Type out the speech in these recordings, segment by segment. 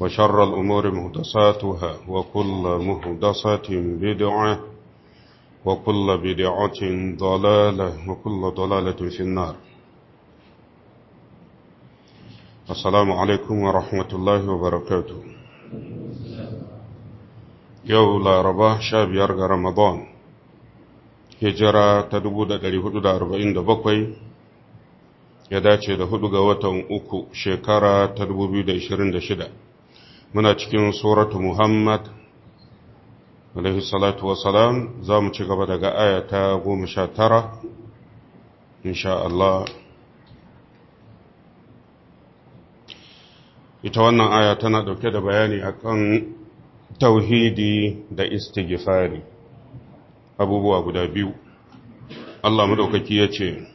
وشر الأمور مهدساتها وكل مهدسة بدعة وكل بدعة ضلالة وكل ضلالة في النار السلام عليكم ورحمة الله وبركاته يولا رباه شاب يرغى رمضان hijira ta 447 ya dace da hudu ga watan uku shekara ta دشدة muna cikin suratu muhammad alaihi salatu wasalam za mu ci gaba daga aya ta goma sha tara insha Allah ita wannan aya tana ɗauke da bayani akan tauhidi da istighfari abubuwa guda biyu Allah ɗaukaki ya ce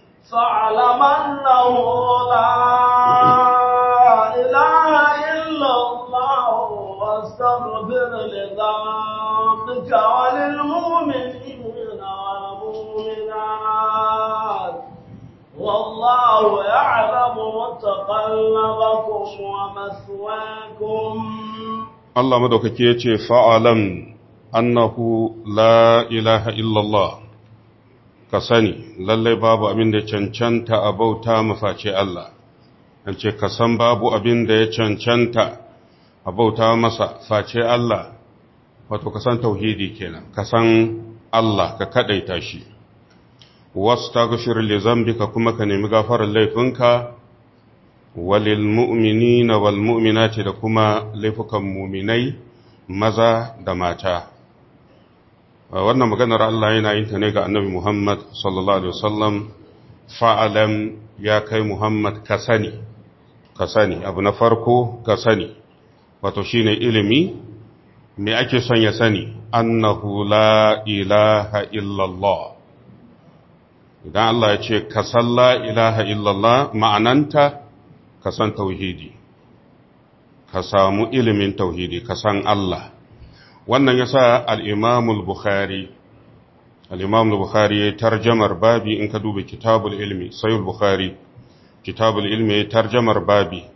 الله يعلم متقلبكم ومثواكم الله مدوكك يتي فعلم أنه لا إله إلا الله ka sani lallai babu abin da cancanta a bauta mafaci Allah, an ce ka san babu abin da ya cancanta a bauta masa face Allah, wato ka san tauhidi kenan, ka san Allah ka kaɗaita shi. wastaghfir li ka kuma ka nemi gafarar laifinka walil mu'minina wal mu'minati da kuma laifukan mu'minai maza da mata wannan maganar Allah yana yin ta ne ga Annabi Muhammad sallallahu alaihi wasallam fa'alam ya kai Muhammad ka sani ka sani abu na farko ka sani wato shine ilimi me ake son ya sani annahu la ilaha illallah idan Allah ya ce ka salla ilaha illallah ma'ananta ka san tauhidi ka samu ilimin tauhidi ka san Allah wannan yasa sa Al'imamul bukhari Al'imamul bukhari ya tarjamar babi in ka duba kitabul ilmi Sayul bukhari kitabul ilmi ya tarjamar babi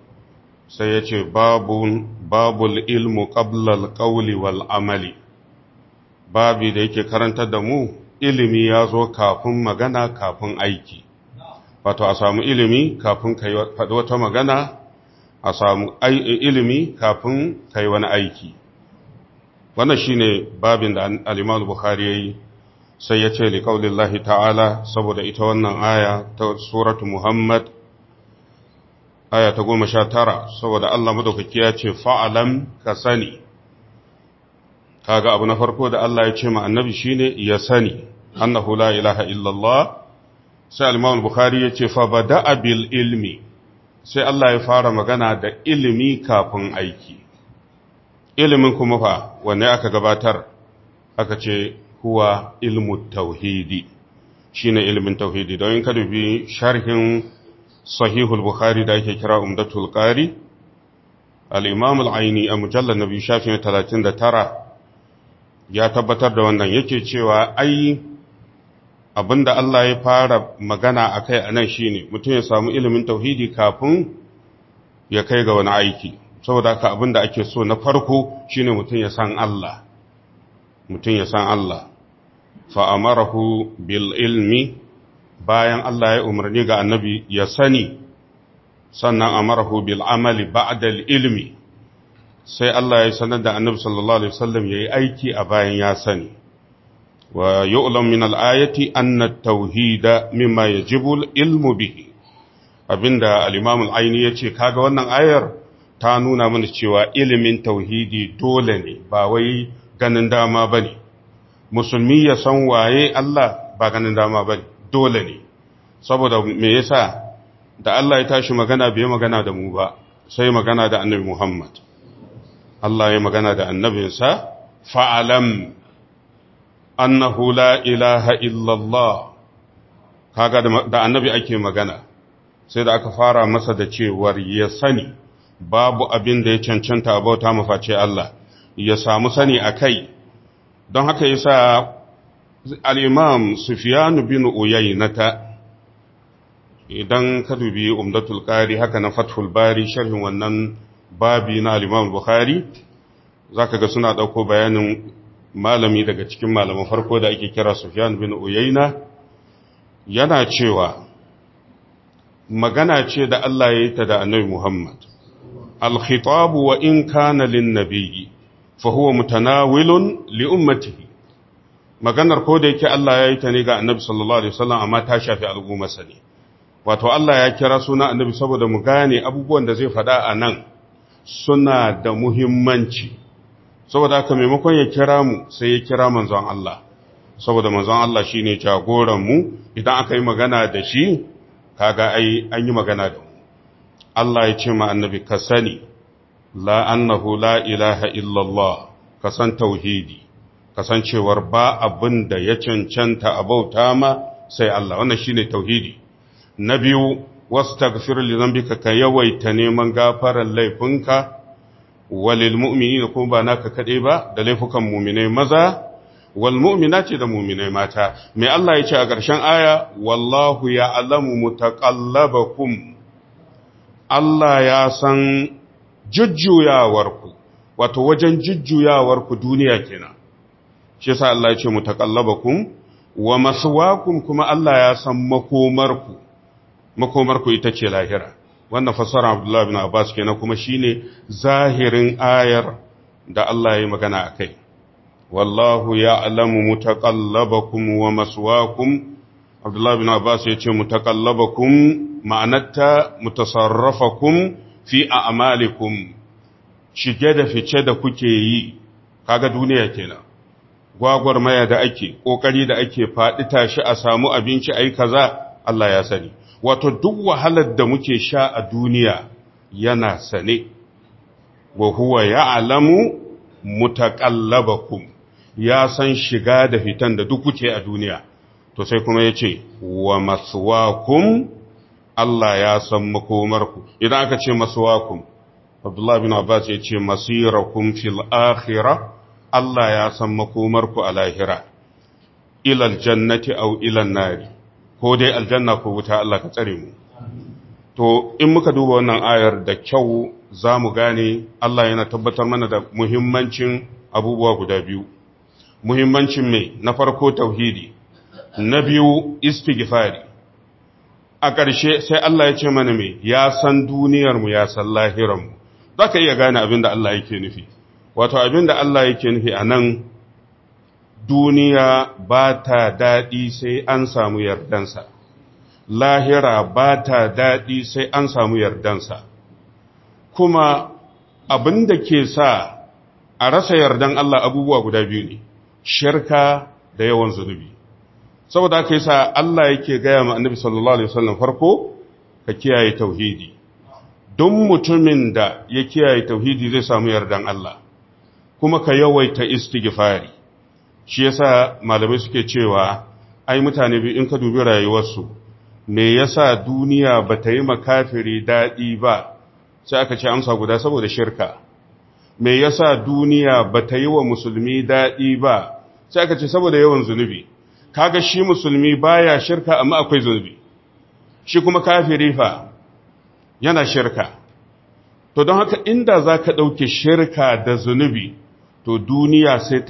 sai ya ce babul ilmu qablal qawli wal amali babi da yake karantar da mu ilimi ya zo kafin magana kafin aiki wato a samu ilimi kafin kai faɗi wata magana a samu ilimi kafin kai wani aiki wannan shine babin da al-Imam Bukhari yayi sai ya ce liqaulillahi ta'ala saboda ita wannan aya ta suratu Muhammad aya ta tara, saboda Allah madaukaki ya ce fa'alam ka sani kaga abu na farko da Allah ya ce ma annabi shine ya sani annahu la ilaha illallah sai al-imam bukhari yace fa bada'a bil ilmi sai Allah ya fara magana da ilimi kafin aiki ilimin kuma fa wanne aka gabatar aka ce kuwa ilmu tauhidi shine ilimin tauhidi don in ka dubi sharhin sahihul bukhari da ake kira umdatul qari al a mujallar aini a mujallal nabi da tara ya tabbatar da wannan yake cewa ai abinda Allah ya fara magana a akai anan ne, mutum ya samu ilimin tauhidi kafin ya kai ga wani aiki saboda haka abinda ake so na farko shi ne mutum ya san Allah mutum ya san Allah fa amarahu bil ilmi bayan Allah ya umarni ga annabi ya sani sannan amarahu bil amali ba'da al ilmi sai Allah ya sanar da annabi sallallahu alaihi wasallam yayi aiki a bayan ya sani wa yu'lam min al-ayati anna at-tauhida mimma yajibu al-ilmu bihi abinda al-imam ya ce kaga wannan ayar ta nuna mana cewa ilimin tauhidi dole ne ba wai ganin dama bane musulmi ya san waye Allah ba ganin dama bane dole ne saboda me yasa da Allah ya tashi magana bai magana da mu ba sai magana da annabi Muhammad Allah ya magana da annabinsa fa'alan. annahu la ilaha illallah kaga da annabi ake magana sai da aka fara masa da cewar ya sani babu abin da ya cancanta abauta maface Allah ya samu sani a kai don haka yasa al-imam Sufyan bin Uyaynata idan ka dubi umdatul qari haka na fathul bari sharhin wannan babi na al-imam Bukhari zaka ga suna ɗauko bayanin malami daga cikin malaman farko da ake kira Sufyan bin Uyayna yana cewa magana ce da Allah ya yi ta da Annabi Muhammad al-khitab wa in kana lin-nabi fa huwa mutanawilun li ummatihi maganar ko da yake Allah ya yi ta ne ga Annabi sallallahu alaihi wasallam amma ta shafi al'ummarsa ne wato Allah ya kira suna Annabi saboda mu gane abubuwan da zai faɗa a nan suna da muhimmanci saboda aka maimakon ya kira mu sai ya kira manzon Allah saboda manzon Allah shine jagoran mu idan aka yi magana da shi kaga ai an yi magana da mu Allah ya ce ma annabi ka sani la annahu la ilaha illallah kasan san tauhidi kasancewar ba abin da ya cancanta a bauta ma sai Allah wannan shine tauhidi na biyu wasu li dhanbika ka yawaita neman gafarar laifinka walil mu'minina kuma ba naka kaɗai ba da laifukan mu'minai maza wal ce da mu'minai mata mai Allah ya ce a ƙarshen aya wallahu ya alamu mutaqallabakum Allah ya san jujjuyawarku wato wajen jujjuyawarku duniya kenan shi yasa Allah ya ce mutaqallabakum wa maswaakum kuma Allah ya san makomarku makomarku ita ce lahira wannan fassara Abdullah bin Abbas kenan kuma shine zahirin ayar da Allah ya magana akai wallahu ya'lamu mutaqallabakum wa maswaakum Abdullah bin Abbas yace mutaqallabakum ma'anarta mutasarrafakum fi a'malikum shige da fice da kuke yi kaga duniya kenan gwagwarmaya da ake kokari da ake faɗi tashi a samu abinci ai kaza Allah ya sani wato duk wahalar da muke sha a duniya yana sane wa huwa ya'lamu mutaqallabakum ya san shiga da fitan da duk kuke a duniya to sai kuma yace wa maswakum Allah ya san makomarku idan aka ce maswakum Abdullah bin Abbas ya ce masirakum fil akhira Allah ya san makomarku a lahira ilal jannati au ilan nari ko dai aljanna ko wuta Allah ka tsare mu to in muka duba wannan ayar da kyau za mu gane Allah yana tabbatar mana da muhimmancin abubuwa guda biyu muhimmancin mai na farko tauhidi na biyu istighfari a ƙarshe sai Allah ya ce mana mai ya san duniyarmu ya san lahiranmu za ka iya gane abin da Allah yake nufi wato abin da Allah yake nufi a nan duniya ba ta daɗi sai an samu yardansa, lahira ba ta daɗi sai an samu yardansa, kuma abin da ke sa a rasa yardan Allah abubuwa guda biyu ne, shirka da yawan zunubi. Saboda aka yi sa Allah yake gaya ma annabi sallallahu Alaihi wasallam farko, ka kiyaye tauhidi, don mutumin da ya kiyaye tauhidi zai samu yardan Allah, kuma ka yawaita istighfari. shi yasa malamai suke cewa ai mutane biyu in ka dubi rayuwarsu me yasa duniya ba ta yi makafiri daɗi ba sai aka ce amsa guda saboda shirka me yasa duniya ba ta yi wa musulmi daɗi ba sai aka ce saboda yawan zunubi kaga shi musulmi baya shirka amma akwai zunubi shi kuma kafiri fa yana shirka to don haka inda za ka ɗauke shirka da zunubi to duniya sai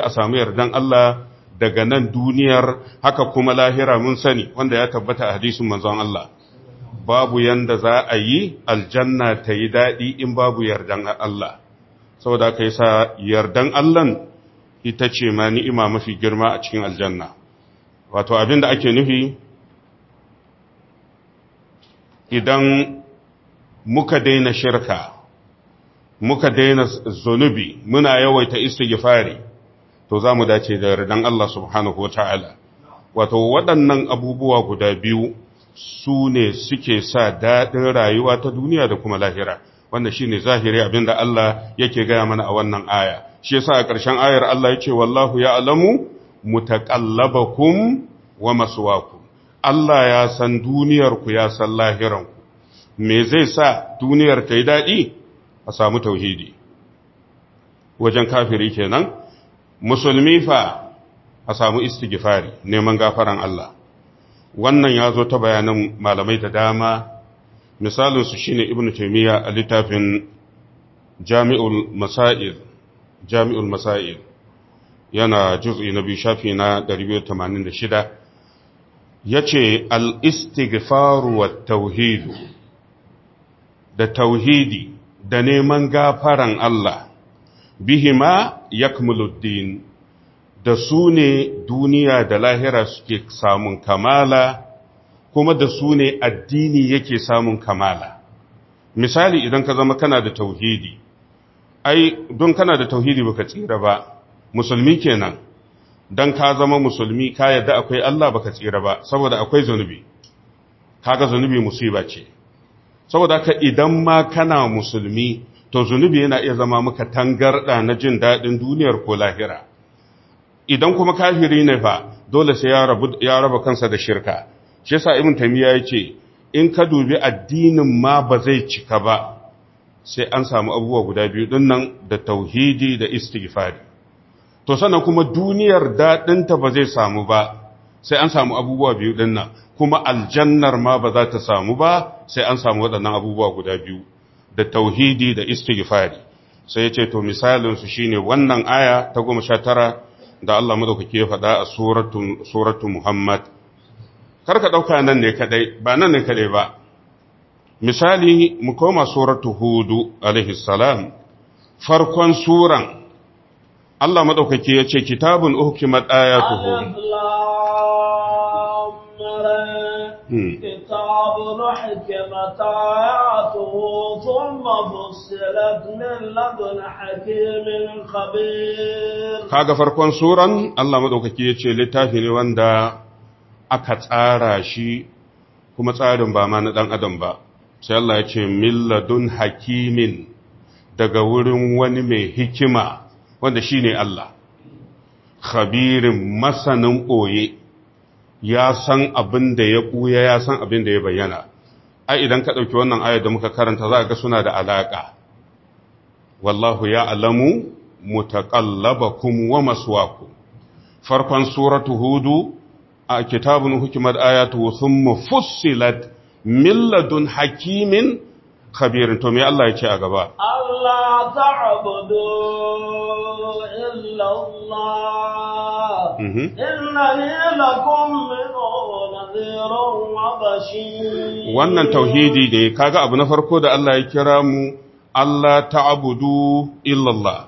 a samu yardan Allah daga nan duniyar haka kuma lahira mun sani wanda ya tabbata a hadisin manzon Allah babu yanda za a yi aljanna ta yi daɗi in babu yardan Allah saboda ka sa yardan Allah ita ce ma ni'ima mafi girma a cikin aljanna wato abin da ake nufi idan muka daina shirka muka daina zunubi muna yawaita istighfari to za mu dace da ridan Allah subhanahu wa ta'ala wato waɗannan abubuwa guda biyu su ne suke sa daɗin rayuwa ta duniya da kuma lahira wanda shi ne zahiri abinda Allah yake gaya mana a wannan aya shi yasa a ƙarshen ayar Allah ya ce wallahu ya alamu mutaƙallabakum wa masuwaku Allah ya san duniyarku ya san lahiranku me zai sa duniyar ta yi daɗi a samu tauhidi wajen kafiri kenan musulmi fa a samu istighfari neman gafaran Allah wannan ya zo ta bayanan malamai da dama misalinsu shine ibnu Taimiyya a littafin jami'ul masail jami'ul masail yana juz'i na biyu shafi na 286 yace al-istighfaru wat tauhid da tauhidi da neman gafaran Allah bihima yakmuluddin da su ne duniya da lahira suke samun kamala kuma da su ne addini yake samun kamala misali idan ka zama kana da tauhidi ai don kana da tauhidi baka tsira ba musulmi kenan don ka zama musulmi ka yadda akwai Allah baka tsira ba saboda akwai zunubi kaga zunubi musiba ce saboda ka idan ma kana musulmi to zunubi yana iya zama maka tangarda na jin daɗin duniyar ko lahira idan kuma kafiri ne fa dole sai ya raba kansa da shirka shi yasa ibn tamiya yace in ka dubi addinin ma ba zai cika ba sai an samu abubuwa guda biyu dinnan da tauhidi da istighfari to sannan kuma duniyar daɗinta ba zai samu ba sai an samu abubuwa biyu din nan kuma aljannar ma ba za ta samu ba sai an samu waɗannan abubuwa guda biyu da tauhidi da istighfari sai ya ce to misalin su shine wannan aya ta goma sha da Allah madaukake ya faɗa a suratu suratu Muhammad kar ka dauka nan ne kadai ba nan ne kadai ba misali mu koma suratu hudu alaihi salam farkon suran Allah madaukake ya ce kitabun uhkimat ayatuhu Allah كتاب حكمت آياته ثم فصلت من لدن حكيم خبير kaga farkon suran Allah madaukaki yace littafi ne wanda aka tsara shi kuma tsarin ba ma na dan adam ba sai Allah yace milladun hakimin daga wurin wani mai hikima wanda shine Allah khabirin masanin ɓoye. ya san abin da ya ɓuya ya san abin da ya bayyana ai idan ka ɗauki wannan ayar da muka karanta za ga suna da alaƙa wallahu ya alamu kuma wa maswakum farkon suratu hudu a kitabun hukumar ayatu mu fussilat milladun hakimin khabirin to me Allah yake a gaba Allah ta'budu illa Allah mhm. inna lakum nadhirun wa wannan tauhidi ne kaga abu na farko da Allah ya kira mu Allah ta'budu illa Allah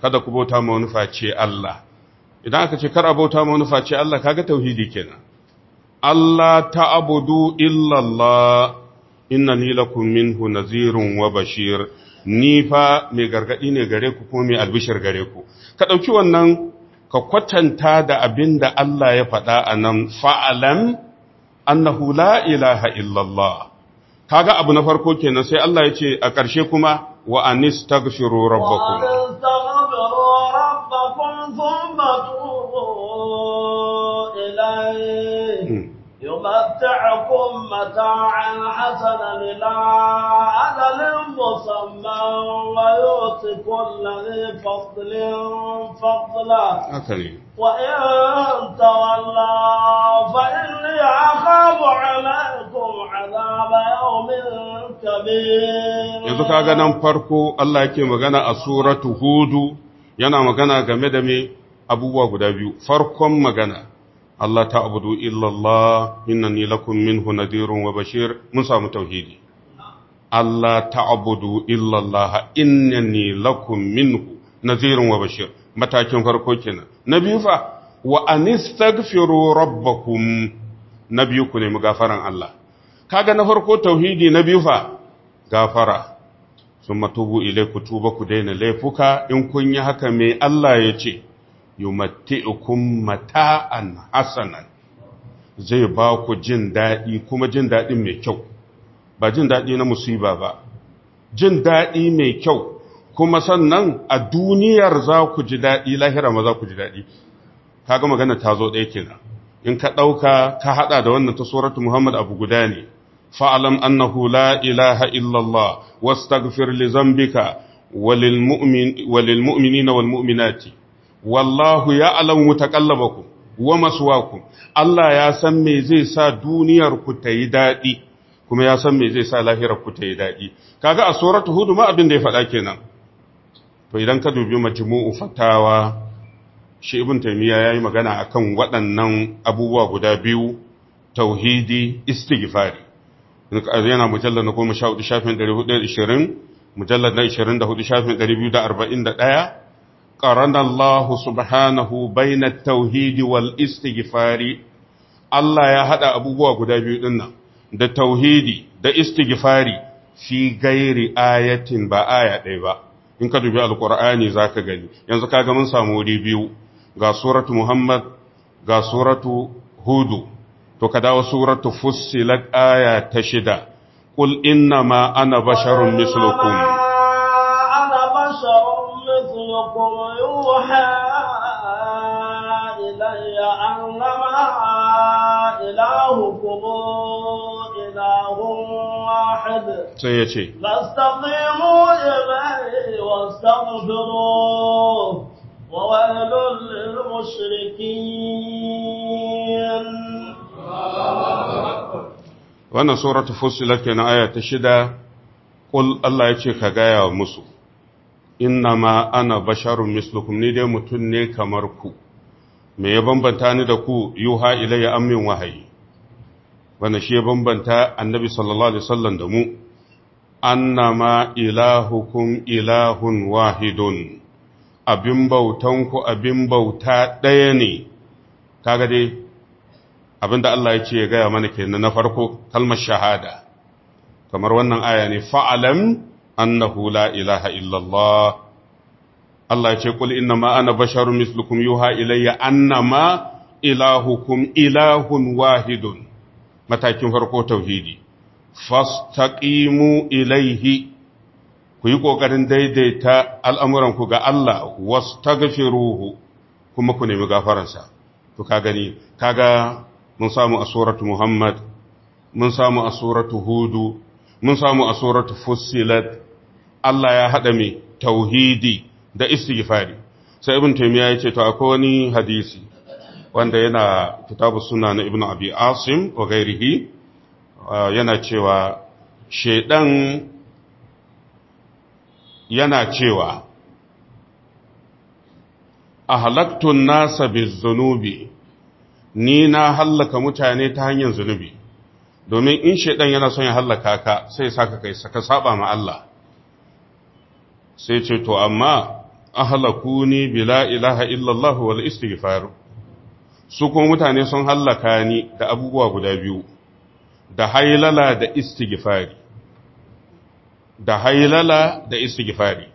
kada ku bauta ma wani face Allah idan aka ce kar a bauta ma wani face Allah kaga tauhidi kenan Allah ta'budu illa Allah Inna ni lakum minhu nazirun wa bashir ni fa mai gargadi ne gare ku ko mai albishir gare ku ka dauki wannan ka kwatanta da abin da Allah ya faɗa a nan fa'alan annahu la ilaha illallah kaga abu na farko kenan sai Allah ya ce a ƙarshe kuma wa anistaghfiru rabbakum rabbakum thumma نمتعكم متاعا حسنا إلى أدل مسمى ويؤتي الذي فضل فضلا وإن تولى فإني أخاف عليكم عذاب يوم كبير. yanzu kaga nan farko Allah yake magana a suratu hudu yana magana game da me abubuwa guda biyu farkon magana Allah ta abudu illallah inna ni lakum minhu nadirun wa bashir mun samu tauhidi Allah ta abudu illallah inna ni lakum minhu nadirun wa bashir matakin farko kenan na biyu fa wa anistaghfiru rabbakum na biyu ku nemi gafaran Allah kaga na farko tauhidi na biyu fa gafara sun matubu ilai ku tuba ku daina laifuka in kun yi haka mai Allah ya ce yumatti'ukum mata'an hasanan zai ba ku jin daɗi kuma jin daɗin mai kyau ba jin daɗi na musiba ba jin daɗi mai kyau kuma sannan a duniyar za ku ji daɗi lahira ma za ku ji daɗi kaga magana ta zo ɗaya kenan in ka ɗauka ka haɗa da wannan ta suratu muhammad abu guda ne fa'alam annahu la ilaha illallah wastaghfir li zambika walil mu'minina wal mu'minati wallahu ya ya'lamu ku. wa masuwaku Allah ya san me zai sa duniyar ku ta yi dadi kuma ya san me zai sa lahirar ku ta yi dadi kaga a suratu hud ma abin da ya faɗa kenan to idan ka dubi majmu'u fatawa shi ibn taymiya yayi magana akan waɗannan abubuwa guda biyu tauhidi istighfari yana mujallar na 14 shafin 420 mujallad na 24 shafin 241 قرن الله سبحانه بين التوحيد والاستغفار الله يا هذا أبوه قد بيؤدنا da tauhidi da istighfari fi gairi ayatin ba aya ɗaya ba in ka dubi alkur'ani za ka gani yanzu kaga mun samu wuri biyu ga suratu muhammad ga suratu hudu to ka dawo suratu fussilat aya ta shida qul inna ma ana basharun mislukum يوحى إلي أنما إلهكم إله واحد فاستقيموا إليه واستغفروه وويل للمشركين wannan suratu fussilat kenan aya ta shida qul Allah ya ce ka gaya wa musu innama ana basharun mislukum ni dai mutum ne kamar ku me ya bambanta ni da ku yuha ilayya amin wahayi wanda shi ya bambanta annabi sallallahu alaihi wasallam da mu annama ilahukum ilahun wahidun abin bautan ku abin bauta ɗaya ne kaga dai abinda Allah ya ce ya gaya mana kenan na farko kalmar shahada kamar wannan aya ne fa'alam annahu la ilaha illallah Allah ce kul inna ma ana basharun mislukum yuha ilayya annama ilahukum ilahun wahidun matakin farko tauhidi fastaqimu ilaihi ku yi ƙoƙarin daidaita al'amuranku ga Allah wasu ta ruhu kuma ku nemi gafaransa to ka gani kaga mun samu a suratu Muhammad mun samu a suratu Hudu mun samu a suratu Fussilat Allah ya haɗa mai tauhidi da istighfari sai ibn taymiya ce to akwai wani hadisi wanda yana kitabu sunna na ibn abi asim wa ghairihi ah, yana cewa shedan yana cewa ahlaktu an-nasa biz-zunubi ni na hallaka mutane ta hanyar zunubi domin in shedan yana son ya hallaka ka sai saka kai saka saba ma Allah sai ce to amma ahlaku ni bila ilaha illallah wal istighfar su kuma mutane sun hallaka ni da abubuwa guda biyu da hailala da istighfari da hailala da istighfari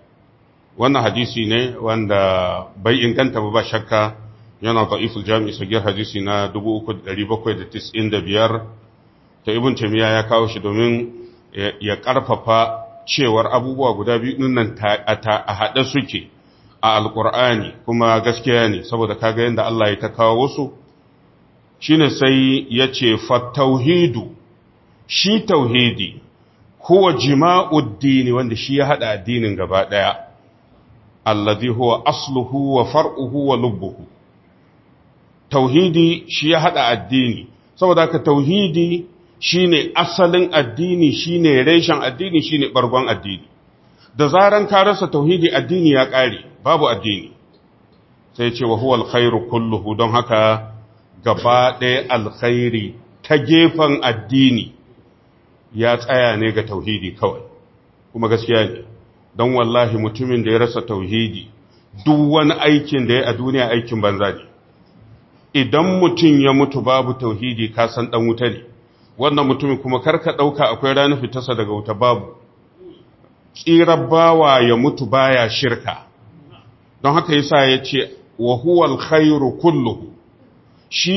wannan hadisi ne wanda bai inganta ba shakka yana da'iful jami'i sagir hadisi na 3795 ta ibn tamiya ya kawo shi domin ya karfafa cewar abubuwa guda biyu dinnan a haɗe suke a Alƙur'ani kuma gaskiya ne saboda kaga yadda Allah ya ta kawo wasu? ne sai ya ce fattauhidu shi tauhidi huwa jima'uddini wanda shi ya haɗa addinin gaba ɗaya alladhi huwa asluhu wa far'uhu wa lubbuhu tauhidi shi ya haɗa addini saboda ka tauhidi shine asalin addini shine reshen addini shine bargon addini da zaran ka rasa tauhidi addini ya ƙare babu addini sai ce wa huwa alkhairu kulluhu don haka gaba ɗaya alkhairi ta gefen addini ya tsaya ne ga tauhidi kawai kuma gaskiya ne don wallahi mutumin da ya rasa tauhidi duk wani aikin da ya a duniya aikin banza ne idan mutum ya mutu babu tauhidi ka san dan wuta ne wannan mutumin kuma karka ɗauka akwai ranar fitarsa daga wuta babu tsirar bawa ya mutu baya shirka don haka yasa ya ce wa huwa alkhairu shi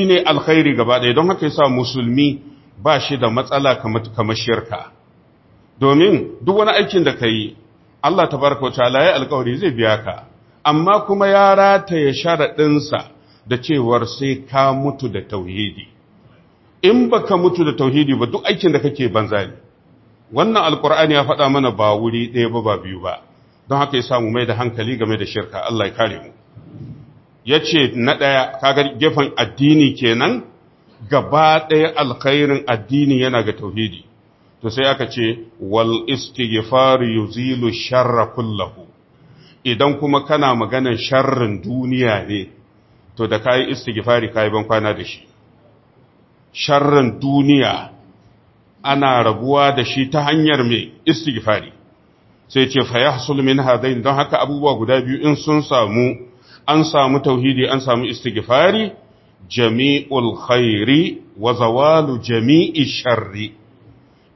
shine alkhairi gaba ɗaya don haka yasa musulmi ba shi da matsala kama shirka domin duk wani aikin da ka yi Allah ta baraka wata ya alkawari zai biya ka amma kuma ya rataye sharaɗinsa da cewar sai ka mutu da tauhidi in baka mutu da tauhidi ba duk aikin da kake banza ne wannan alkur'ani ya faɗa mana ba wuri ɗaya ba ba biyu ba don haka ya samu mai da hankali game da shirka Allah ya kare mu ya ce na ɗaya kaga gefen addini kenan gaba ɗaya alkhairin addini yana ga tauhidi to sai aka ce wal istighfar yuzilu sharra kullahu idan kuma kana maganan sharrin duniya ne to da kai istighfari kai ban kwana da shi sharran duniya ana rabuwa da shi ta hanyar mai istighfari sai ce fa yahsul min hadain don haka abubuwa guda biyu in sun samu an samu tauhidi an samu istighfari jami'ul khairi wa zawalu jami'i sharri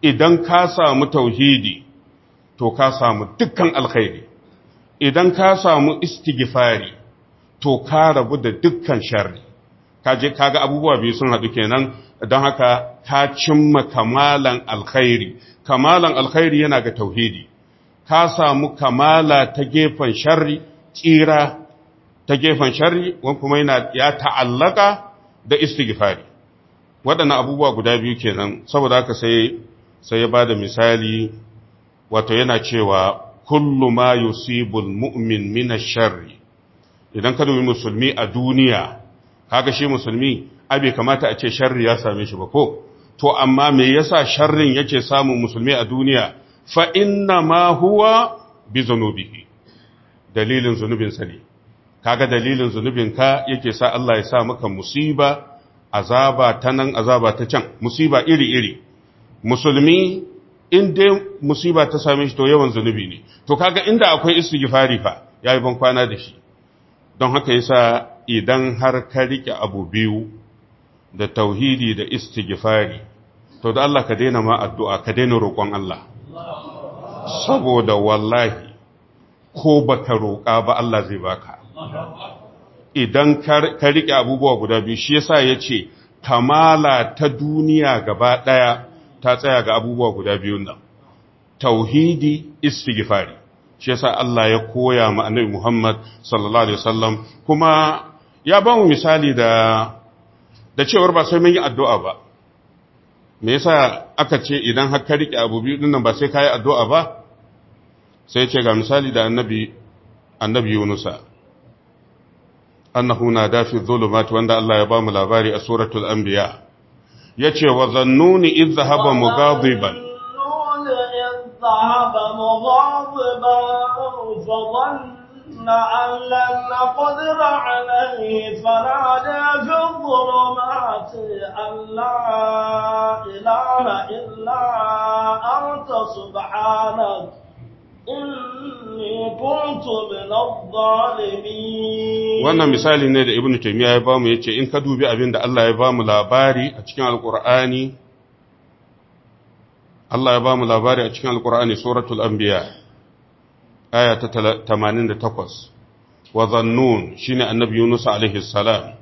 idan ka samu tauhidi to ka samu dukkan alkhairi idan ka samu istighfari to ka rabu da dukkan sharri kaje kaga abubuwa biyu sun haɗu kenan don haka ta cimma kamalan alkhairi kamalan alkhairi yana ga tauhidi ka samu kamala ta gefen sharri tsira ta gefen sharri wani kuma yana ya ta'allaka da istighfari waɗannan abubuwa guda biyu kenan saboda haka sai sai ya da misali wato yana cewa kullu ma yusibul mu'min min sharri idan ka dubi musulmi a duniya kaga shi musulmi abe kamata a ce sharri ya same shi ba ko to amma me yasa sharrin yake samun musulmi a duniya fa inna ma huwa bi zunubihi dalilin zunubin sa ne kaga dalilin zunubin ka yake sa Allah ya sa maka musiba azaba ta nan azaba ta can musiba iri iri musulmi in dai musiba ta same shi to yawan zunubi ne to kaga inda akwai istighfari fa yayi ban kwana da shi don haka yasa idan har ka rike abu biyu da tauhidi da istighfari to da Allah ka daina ma addu'a ka daina roƙon Allah saboda wallahi ko baka roƙa ba Allah zai baka idan ka riƙe abubuwa guda biyu shi yasa yace kamala ta duniya gaba ɗaya ta tsaya ga abubuwa guda biyun nan tauhidi istighfari shi yasa Allah ya koya ma annabi Muhammad sallallahu alaihi wasallam kuma ya ba mu misali da da cewar ba sai mun yi addu'a ba me yasa aka ce idan har ka rike abu biyu dinnan ba sai ka yi addu'a ba sai ce ga misali da annabi annabi Yunusa annahu nada fi dhulumat wanda Allah ya ba mu labari a suratul anbiya yace wa zannuni idh zahaba mughadiban ذهب مغاضبا يحسبن أن لن نقدر عليه فنادى في الظلمات أن لا إله إلا أنت سبحانك Wannan misali ne da Ibn Taymiyyah ya bamu ce in ka dubi abinda Allah ya ba mu labari a cikin Alƙur'ani Allah ya ba mu labari a cikin Alƙur'ani suratul Anbiya aya ta 88 wa zannun shine annabi Yunus alaihi salam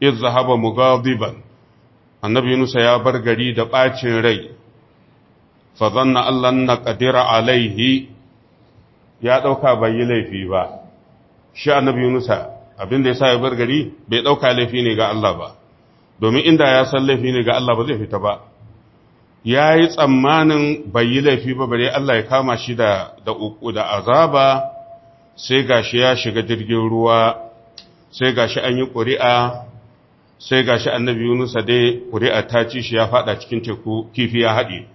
iz zahaba mugadiban annabi Yunus ya bar gari da bacin rai fa zanna allan naqdira alaihi ya dauka bai yi laifi ba shi annabi Yunus abinda yasa ya bar gari bai ɗauka laifi ne ga Allah ba domin inda ya san laifi ne ga Allah ba zai fita ba ya yi tsammanin bai yi laifi ba bare Allah ya kama shi da da azaba sai gashi ya shiga jirgin ruwa sai gashi an yi ƙuri'a sai gashi annabi Yunusa dai ƙuri'a ta ci shi ya faɗa cikin teku kifi ya haɗe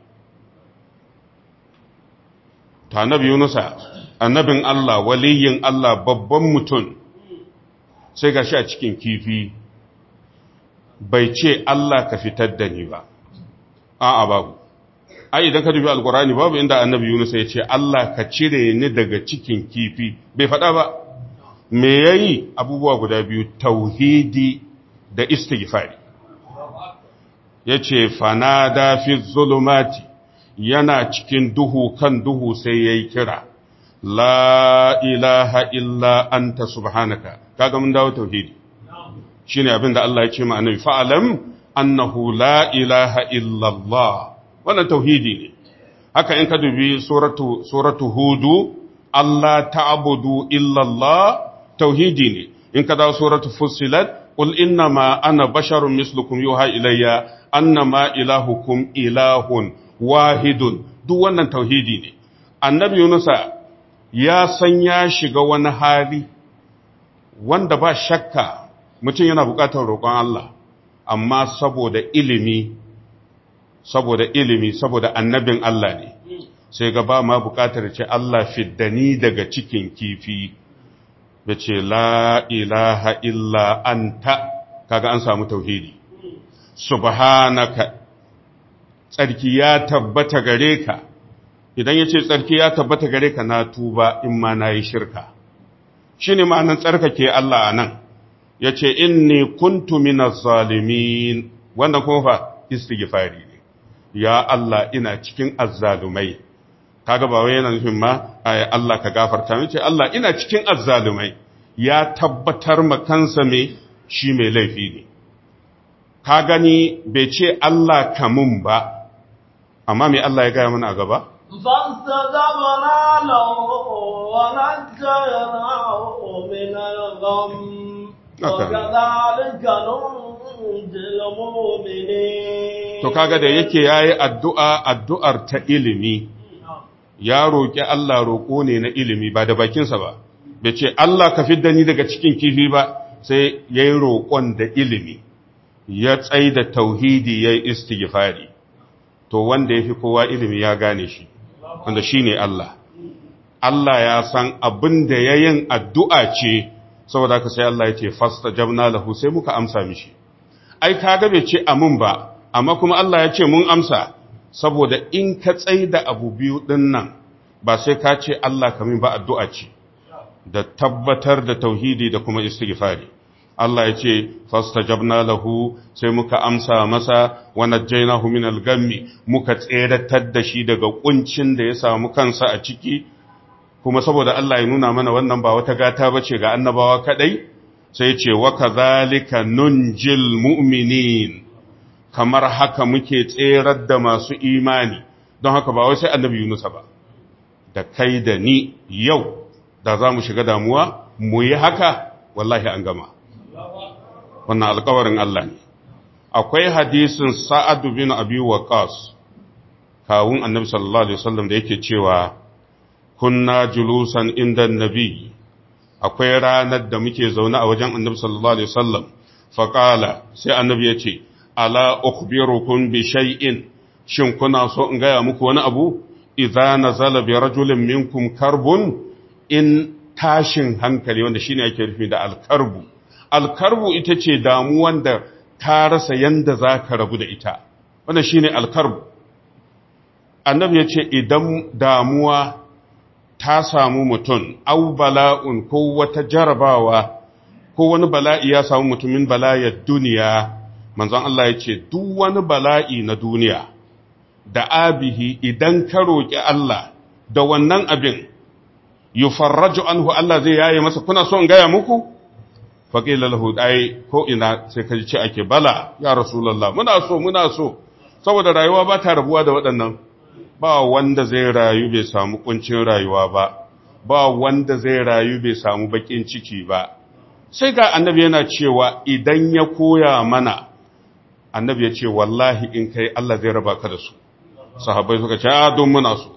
ta annabi Yunusa annabin Allah waliyin Allah babban mutum sai gashi a cikin kifi bai ce Allah ka fitar da ni ba a'a babu ai idan ka dubi alqur'ani babu inda annabi Yunus ya ce Allah ka cire ni daga cikin kifi bai faɗa ba me yayi abubuwa guda biyu tauhidi da istighfari yace fanada fi zulumati yana cikin duhu kan duhu sai yayi kira la ilaha illa anta subhanaka kaga mun dawo tauhidi shine abin da Allah ya ce ma annabi fa'alam annahu la ilaha illallah wannan tauhidi ne haka in ka dubi suratu suratu hudu Allah ta'budu illallah tauhidi ne in ka dawo suratu fussilat qul innama ana basharun mislukum yuha ilayya annama ilahukum ilahun wahidun duk wannan tauhidi ne annabi yunusa ya san ya shiga wani hali wanda ba shakka mutum yana bukatar roƙon Allah amma saboda ilimi saboda ilimi saboda annabin Allah ne sai ga ba ma bukatar ce Allah fiddani daga cikin kifi da ce la ilaha illa anta kaga an samu tauhidi subhanaka tsarki ya tabbata gare ka idan ya ce tsarki ya tabbata gare ka na tuba in ma na yi shirka shi ne ma'anin tsarkake Allah a nan ya ce inni kuntu minaz zalimin wanda kuma fa istighfari ne ya Allah ina cikin azzalumai kaga ba wai yana nufin ma ay Allah ka gafarta mu ce Allah ina cikin azzalumai ya tabbatar ma kansa me shi mai laifi ne ka gani bai ce Allah ka mun ba amma me Allah ya gaya mana a gaba فاستجبنا له ونجيناه من الغم to kaga da yake yayi addu'a addu'ar ta ilimi ya roƙi Allah roƙo ne na ilimi ba da bakinsa ba bai ce Allah ka fidda ni daga cikin kifi ba sai yayi roƙon da ilimi ya tsai da tauhidi yayi istighfari to wanda yafi kowa ilimi ya gane shi wanda shine Allah Allah ya san abin da yayin addu'a ce saboda haka sai Allah ya ce jabna lahu sai muka amsa mishi ai kaga bai ce amin ba amma kuma Allah ya ce mun amsa saboda in ka da abu biyu din nan ba sai ka ce Allah kamin ba addu'a ce da tabbatar da tauhidi da kuma istighfari Allah ya ce jabna lahu sai muka amsa masa wa najjaynahu min al-gammi muka tseratar da shi daga kuncin da ya samu kansa a ciki kuma saboda Allah ya nuna mana wannan ba wata gata ba ce ga annabawa kaɗai, sai ce wa kadhalika nunjil mu'minin kamar haka muke tserar da masu imani don haka ba wai sai annabi Yunus ba da kai da ni yau da za mu shiga damuwa mu yi haka wallahi an gama wannan alkawarin Allah ne akwai hadisin sa'ad bin abi waqas kawun annabi sallallahu alaihi wasallam da yake cewa kunna julusan inda nabi akwai ranar da muke zaune a wajen annabi sallallahu alaihi wasallam faqala sai annabi ya ce ala ukhbirukum bi shay'in shin kuna so in gaya muku wani abu idza nazala bi rajulin minkum karbun in tashin hankali wanda shine ake rufi da alkarbu alkarbu ita ce damuwan da ta rasa yanda zaka rabu da ita wannan shine alkarbu annabi ya ce idan damuwa ta samu mutum au bala'un ko wata jarabawa ko wani bala'i ya samu mutumin bala'yar duniya manzon Allah ya ce duk wani bala'i na duniya da abihi idan ka roƙi Allah da wannan abin an anhu Allah zai yaye masa kuna son gaya muku faƙila lahu ko ina sai ka ce ake bala ya lalla, muna so muna so saboda rayuwa ba ta rabuwa da waɗannan ba wanda zai rayu bai samu kuncin rayuwa ba ba wanda zai rayu bai samu bakin ciki ba sai ga annabi yana cewa idan ya koya mana annabi ya ce wallahi in kai Allah zai raba ka da su sahabbai suka ce a ah, don muna su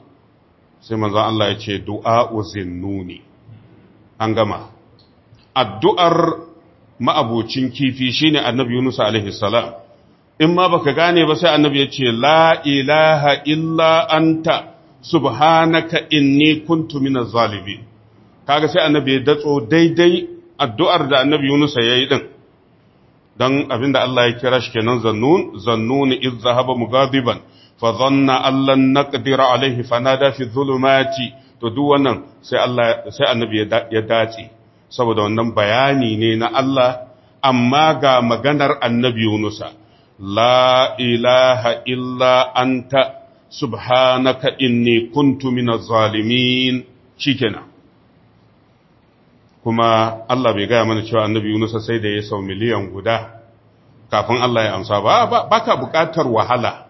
sai manzon Allah ya ce du'a'u zinnuni an gama addu'ar ma'abocin kifi shine annabi Yunus alaihi salam in ma baka gane ba sai annabi ya ce la ilaha illa anta subhanaka inni kuntu minaz zalimin kaga sai annabi ya datso daidai addu'ar da annabi Yunus yayi din dan abinda Allah ya kira shi kenan zannun zannun iz zahaba mugadiban fa dhanna allan naqdira alaihi fanada fi dhulumati to duk wannan sai Allah sai annabi ya dace saboda wannan bayani ne na Allah amma ga maganar annabi Yunusa la ilaha illa anta subhanaka inni kuntu minaz zalimin shikenan kuma Allah bai gaya mana cewa annabi Yunus sai da ya sau miliyan guda kafin Allah ya amsa ba baka bukatar wahala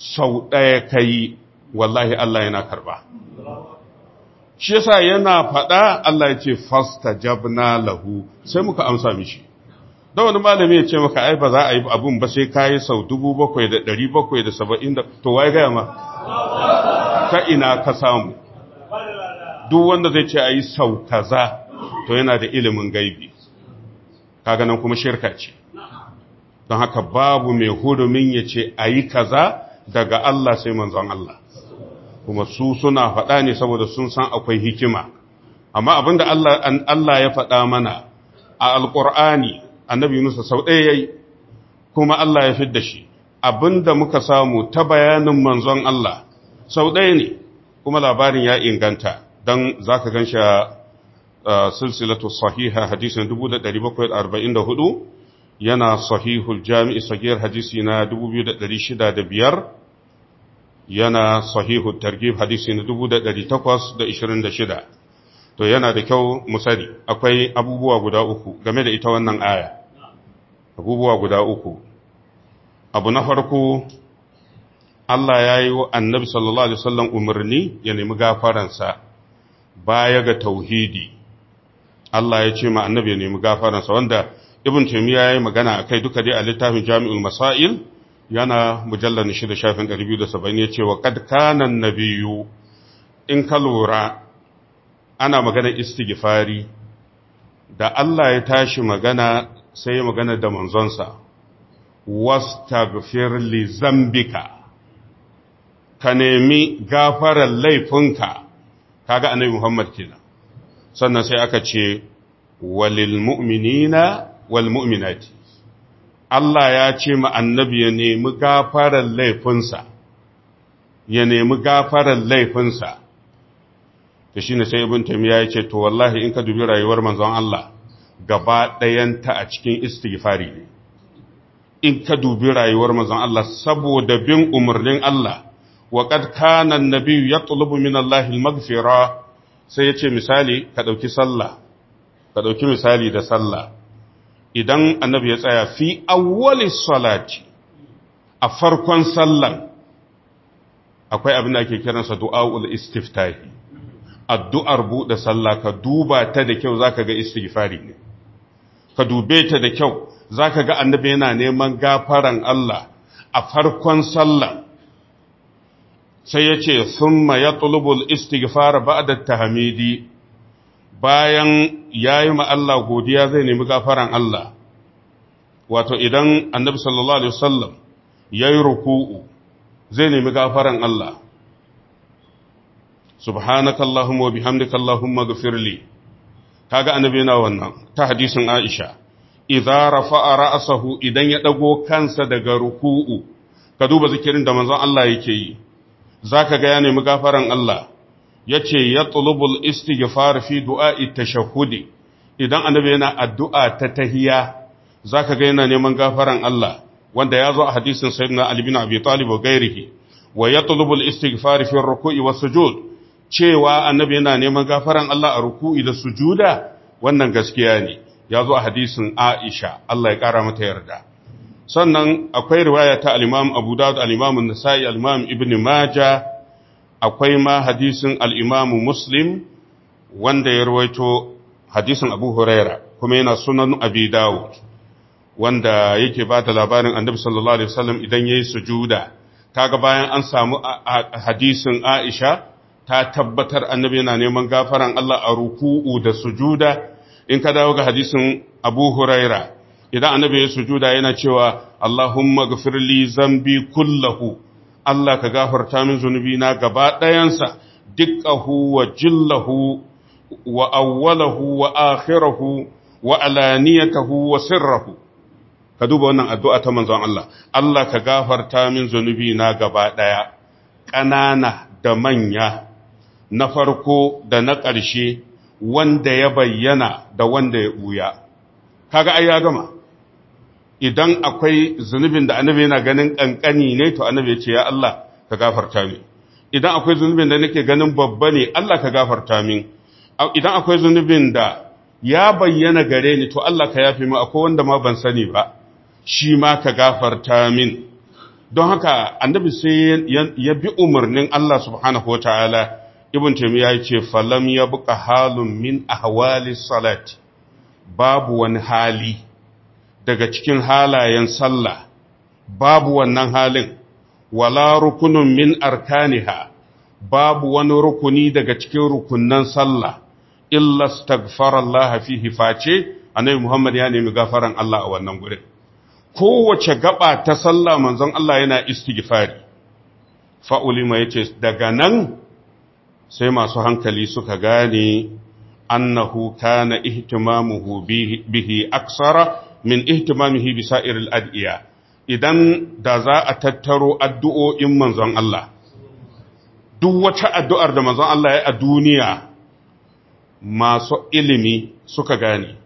sau ɗaya kai wallahi Allah yana karɓa. shi yasa yana faɗa Allah ya ce fastajabna lahu sai muka amsa mishi da wani malami ya ce maka ai ba za a yi abun ba sai kayi sau da... to waye gaya ma ta ina ka samu duk wanda zai ce a yi sau kaza to yana da ilimin gaibi kaga ganin kuma shirka ce don haka babu mai hurumin ya ce a yi kaza daga Allah sai manzon Allah kuma su suna faɗa ne saboda sun san akwai hikima amma abinda Allah ya faɗa mana a alƙur'ani annabi Yunus sau ɗaya ya yi kuma Allah ya fidda shi abinda muka samu ta bayanin manzon Allah sau ɗaya ne kuma labarin ya inganta don za ka ganshi a silsilatu sahiha hadisin 1744 yana sahihul jami'i sagir hadisi na 2605 yana sahihul targib hadisi na 1826 to yana da kyau mu sani akwai abubuwa guda uku game da ita wannan aya abubuwa guda uku abu na farko Allah ya yi wa annabi sallallahu alaihi wasallam umarni ya nemi gafaransa baya ga tauhidi Allah ya ce ma annabi ya nemi gafaransa wanda ibn taymiya ya yi magana akai duka dai a littafin jami'ul masail yana mujallar na shida shafin 270 ya ce wa kad kana nabiyyu in ka lura ana maganar istighfari da Allah ya tashi magana sai yi magana da manzonsa wastaghfir li zambika ka nemi gafarar laifinka kaga annabi Muhammad kenan sannan sai aka ce walil mu'minina wal mu'minati Allah ya ce ma annabi ya nemi gafarar laifinsa ya nemi gafarar laifinsa to shine sai ibn tamiya ce to wallahi in ka dubi rayuwar manzon Allah gaba ɗayanta a cikin istighfari ne in ka dubi rayuwar manzon Allah saboda bin umarnin Allah wa kad kana an ya tulubu min Allah al-maghfira sai yace misali ka ɗauki sallah ka dauki misali da sallah idan annabi ya tsaya fi awwali salati a farkon sallan akwai abin da ake kiransa du'a'ul istiftahi addu'ar buɗe sallah ka duba ta da kyau zaka ga istighfari ne ka dube ta da kyau za ka ga annabi yana neman gafaran Allah a farkon Sallah, sai ya ce sun ya tulubul istighfar ba'da tahmidi bayan ya yi ma Allah godiya zai nemi gafaran Allah wato idan annabi sallallahu alaihi wasallam ya yi ruku'u zai nemi gafaran Allah subhanakallahumma wa bihamdika allahumma ghafirli kaga annabi yana wannan ta hadisin Aisha idza rafa'a ra'sahu idan ya dago kansa daga ruku'u ka duba zikirin da manzon Allah yake yi zaka ga ya nemi gafaran Allah yace yatlubul istighfar fi du'a'i tashahhudi idan annabi yana addu'a ta tahiyya zaka ga yana neman gafaran Allah wanda ya zo a hadisin sayyidina Ali bin Abi Talib wa gairihi wa yatlubul istighfar fi ruku'i was sujud cewa annabi yana neman gafaran Allah a ruku'i da sujuda wannan gaskiya ne ya zo a hadisin Aisha Allah ya kara mata yarda sannan akwai riwaya ta al-Imam Abu Dawud al-Imam An-Nasa'i al-Imam Ibn Majah akwai ma hadisin al-Imam Muslim wanda ya rawaito hadisin Abu Huraira kuma yana sunan Abi Dawud wanda yake ba da labarin Annabi sallallahu alaihi wasallam idan yayi sujuda kaga bayan an samu hadisin Aisha ta tabbatar annabi yana neman gafaran Allah a ruku'u da sujuda in ka dawo ga hadisin Abu Huraira idan annabi ya sujuda yana cewa Allahumma gafirli zambi kullahu Allah ka gafarta min zunubi na gaba ɗayansa dukkahu wa jillahu wa awwalahu wa akhirahu wa alaniyatahu wa sirrahu ka duba wannan addu'a ta manzon Allah Allah ka gafarta min zunubi na gaba ɗaya ƙanana da manya na farko da na ƙarshe wanda ya bayyana da wanda ya ɓuya kaga ai ya gama idan akwai zunubin da annabi yana ganin ƙanƙani ne to annabi ya ce ya Allah ka gafarta min idan akwai zunubin da nake ganin babba ne Allah ka gafarta min idan akwai zunubin da ya bayyana gare ni to Allah ka yafe min akwai wanda ma ban sani ba shi ma ka gafarta min don haka annabi sai ya bi umarnin Allah subhanahu ta'ala. ibn taymiya yace falam yabqa halun min ahwali salat, babu wani hali daga cikin halayen sallah babu wannan halin wala rukunun min arkaniha babu wani rukuni daga cikin rukunnan sallah illa astaghfarallaha fihi face annabi Muhammad ya nemi gafaran Allah a wannan gurin kowace gaba ta sallah manzon Allah yana istighfari fa'ulima yace daga nan sai masu hankali suka gane annahu kana ihtimamuhu bihi aksara min ihtimamihi bi sa'iril ad'iya idan da za a tattaro addu'o'in manzon Allah duk wata addu'ar da manzon Allah ya a duniya masu ilimi suka gane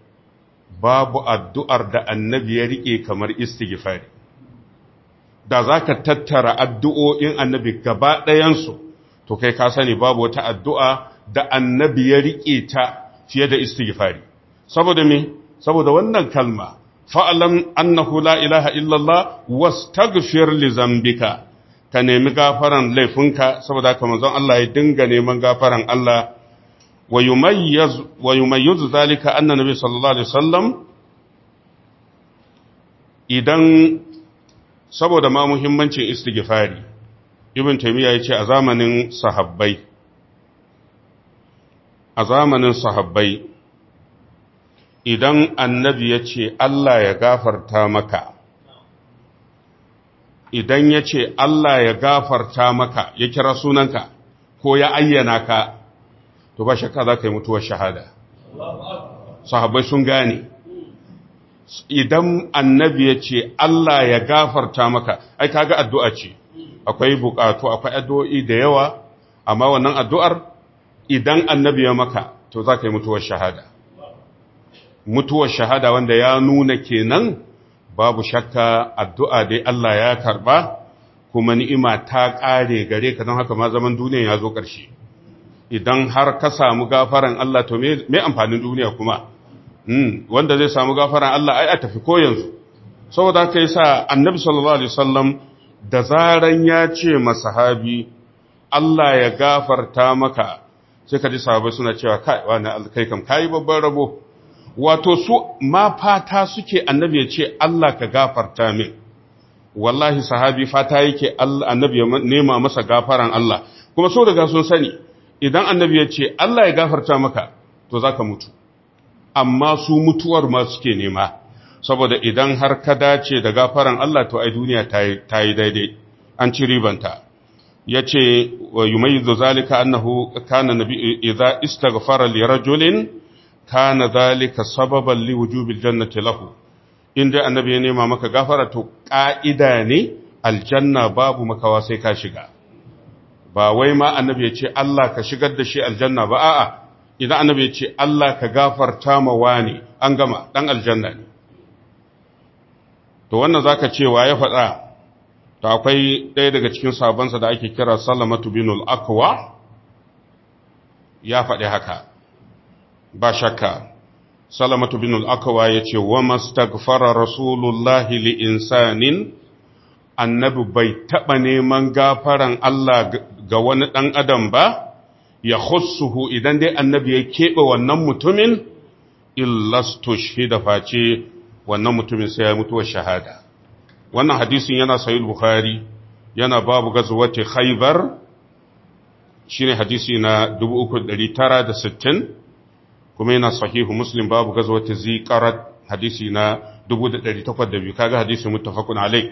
babu addu'ar da annabi ya rike kamar istighfari da za ka tattara addu'o'in annabi gaba ɗayansu to kai ka sani babu wata addu'a da annabi ya riƙe ta fiye da istighfari saboda me saboda wannan kalma fa'alam annahu la ilaha illallah wastaghfir li zambika ka nemi gafaran laifinka saboda kamar manzon Allah ya dinga neman gafaran Allah wa yumayyiz wa yumayyiz zalika anna nabi sallallahu alaihi wasallam idan saboda ma muhimmancin istighfari ibn taymiya yace a zamanin sahabbai a zamanin sahabbai idan annabi yace Allah ya gafarta maka idan yace Allah ya gafarta maka ya kira sunanka ko ya ayyana ka to ba shakka za ka yi mutuwar shahada sahabbai sun gane idan annabi ya ce Allah ya gafarta maka ai kaga addu'a ce akwai bukatu akwai addu'o'i da yawa amma wannan addu'ar idan annabi ya maka to za ka yi mutuwar shahada mutuwar shahada wanda ya nuna kenan babu shakka addu'a dai Allah ya karba kuma ni'ima ta ƙare gare ka don haka ma zaman duniya ya zo ƙarshe idan har ka samu gafaran Allah to me amfanin duniya kuma hmm, wanda zai samu gafaran Allah ai a tafi ko yanzu saboda haka sa, annabi sallallahu alaihi wasallam da zaran ya ce masahabi Allah ya gafarta maka sai ka ji sahabai suna cewa kai wani alkai kam kai babban rabo wato su ma fata suke annabi ya ce Allah ka gafarta min wallahi sahabi fata yake annabi ya nema masa gafaran Allah kuma so daga sun sani idan annabi ya ce Allah ya gafarta maka to zaka mutu amma su mutuwar ma suke nema saboda idan har ka dace da gafaran Allah to ai duniya ta yi daidai an ci ribanta ya ce yumayizu zalika annahu kana nabi idza istaghfara li rajulin kana zalika sababan li wujubil jannati lahu inda annabi ya nema maka gafara to ka'ida ne aljanna babu makawa sai ka shiga ba wai ma annabi ya ce Allah ka shigar da shi aljanna ba a'a idan annabi ya ce Allah ka gafarta ma wani an gama dan aljanna ne to wannan zaka ce wa ya faɗa to akwai ɗaya daga cikin sabansa da ake kira salamatu binul akwa ya faɗi haka ba shakka salamatu binul akwa ya ce wa mastaghfara rasulullahi li insanin annabi bai taɓa neman gafaran Allah ga wani ɗan adam ba ya khussuhu idan dai annabi ya keɓe wannan mutumin illastushhida face wannan mutumin sai ya mutuwar shahada wannan hadisin yana sahih bukhari yana babu gazuwati khaybar shine hadisi na 3960 kuma yana sahihu muslim babu gazuwati ziqarat hadisi na 1802 kaga hadisi muttafaqun alai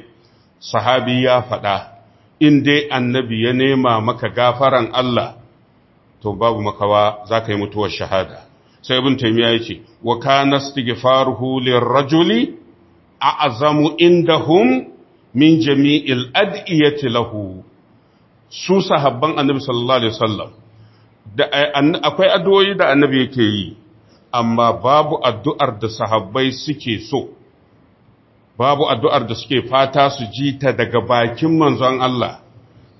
sahabi ya faɗa in dai annabi ya nema maka gafaran Allah to babu makawa zaka yi mutuwar shahada sai ibn taymiya yace wa استغفاره للرجل lirrajuli عندهم من min jami'il له tilahu. su sahabban annabi sallallahu alaihi wasallam da eh, akwai addu'o'i da annabi yake yi amma babu addu'ar da sahabbai suke so babu addu'ar da suke fata su ji ta daga bakin manzon Allah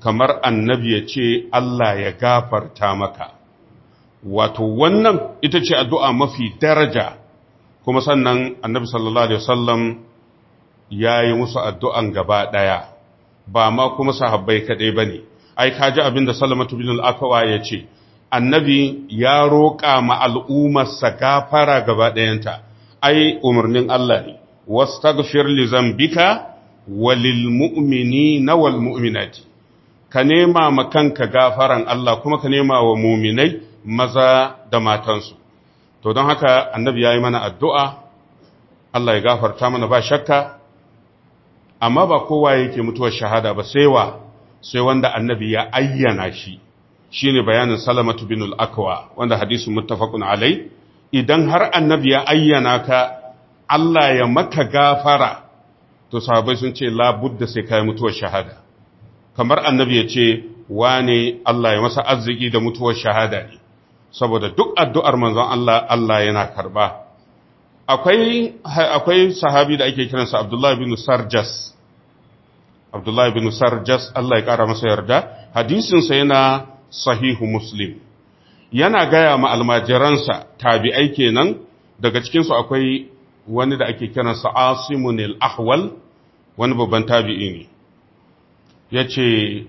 kamar annabi ya ce Allah ya gafarta maka wato wannan ita ce addu'a mafi daraja kuma sannan annabi sallallahu alaihi wasallam ya yi musu addu'an gaba ɗaya ba ma kuma sahabbai kaɗai ba ne ai kaji abin da salamatu bin al'akawa ya ce annabi ya roƙa ma al'ummarsa gafara gaba ɗayanta ai umarnin Allah ne Wasu li zambika walil mu'mini na wal mu'minati ka nema ma kanka gafaran Allah kuma ka nema wa muminai maza da matansu to don haka annabi ya yi mana addu'a Allah ya gafarta mana ba shakka amma ba kowa yake mutuwar shahada ba sai wa sai wanda annabi ya ayyana shi shi ne bayanin salamatu bin al'akawa wanda hadisu mutafakun alai idan har annabi ya ayyana ka Allah ya maka gafara to sahabai sun ce labudda sai kayi mutuwar shahada kamar annabi ya ce wa ne Allah ya masa arziki da mutuwar shahada ne saboda duk addu'ar manzon Allah Allah yana karba akwai sahabi da ake kiransa Abdullah bin Sarjas Abdullah bin Sarjas Allah ya kara masa yarda hadisinsa yana sahihu Muslim yana gaya ma almajiransa tabi'ai kenan daga cikinsu akwai wani da ake kiransa asimunil ahwal wani babban tabi'i ne Ya ce.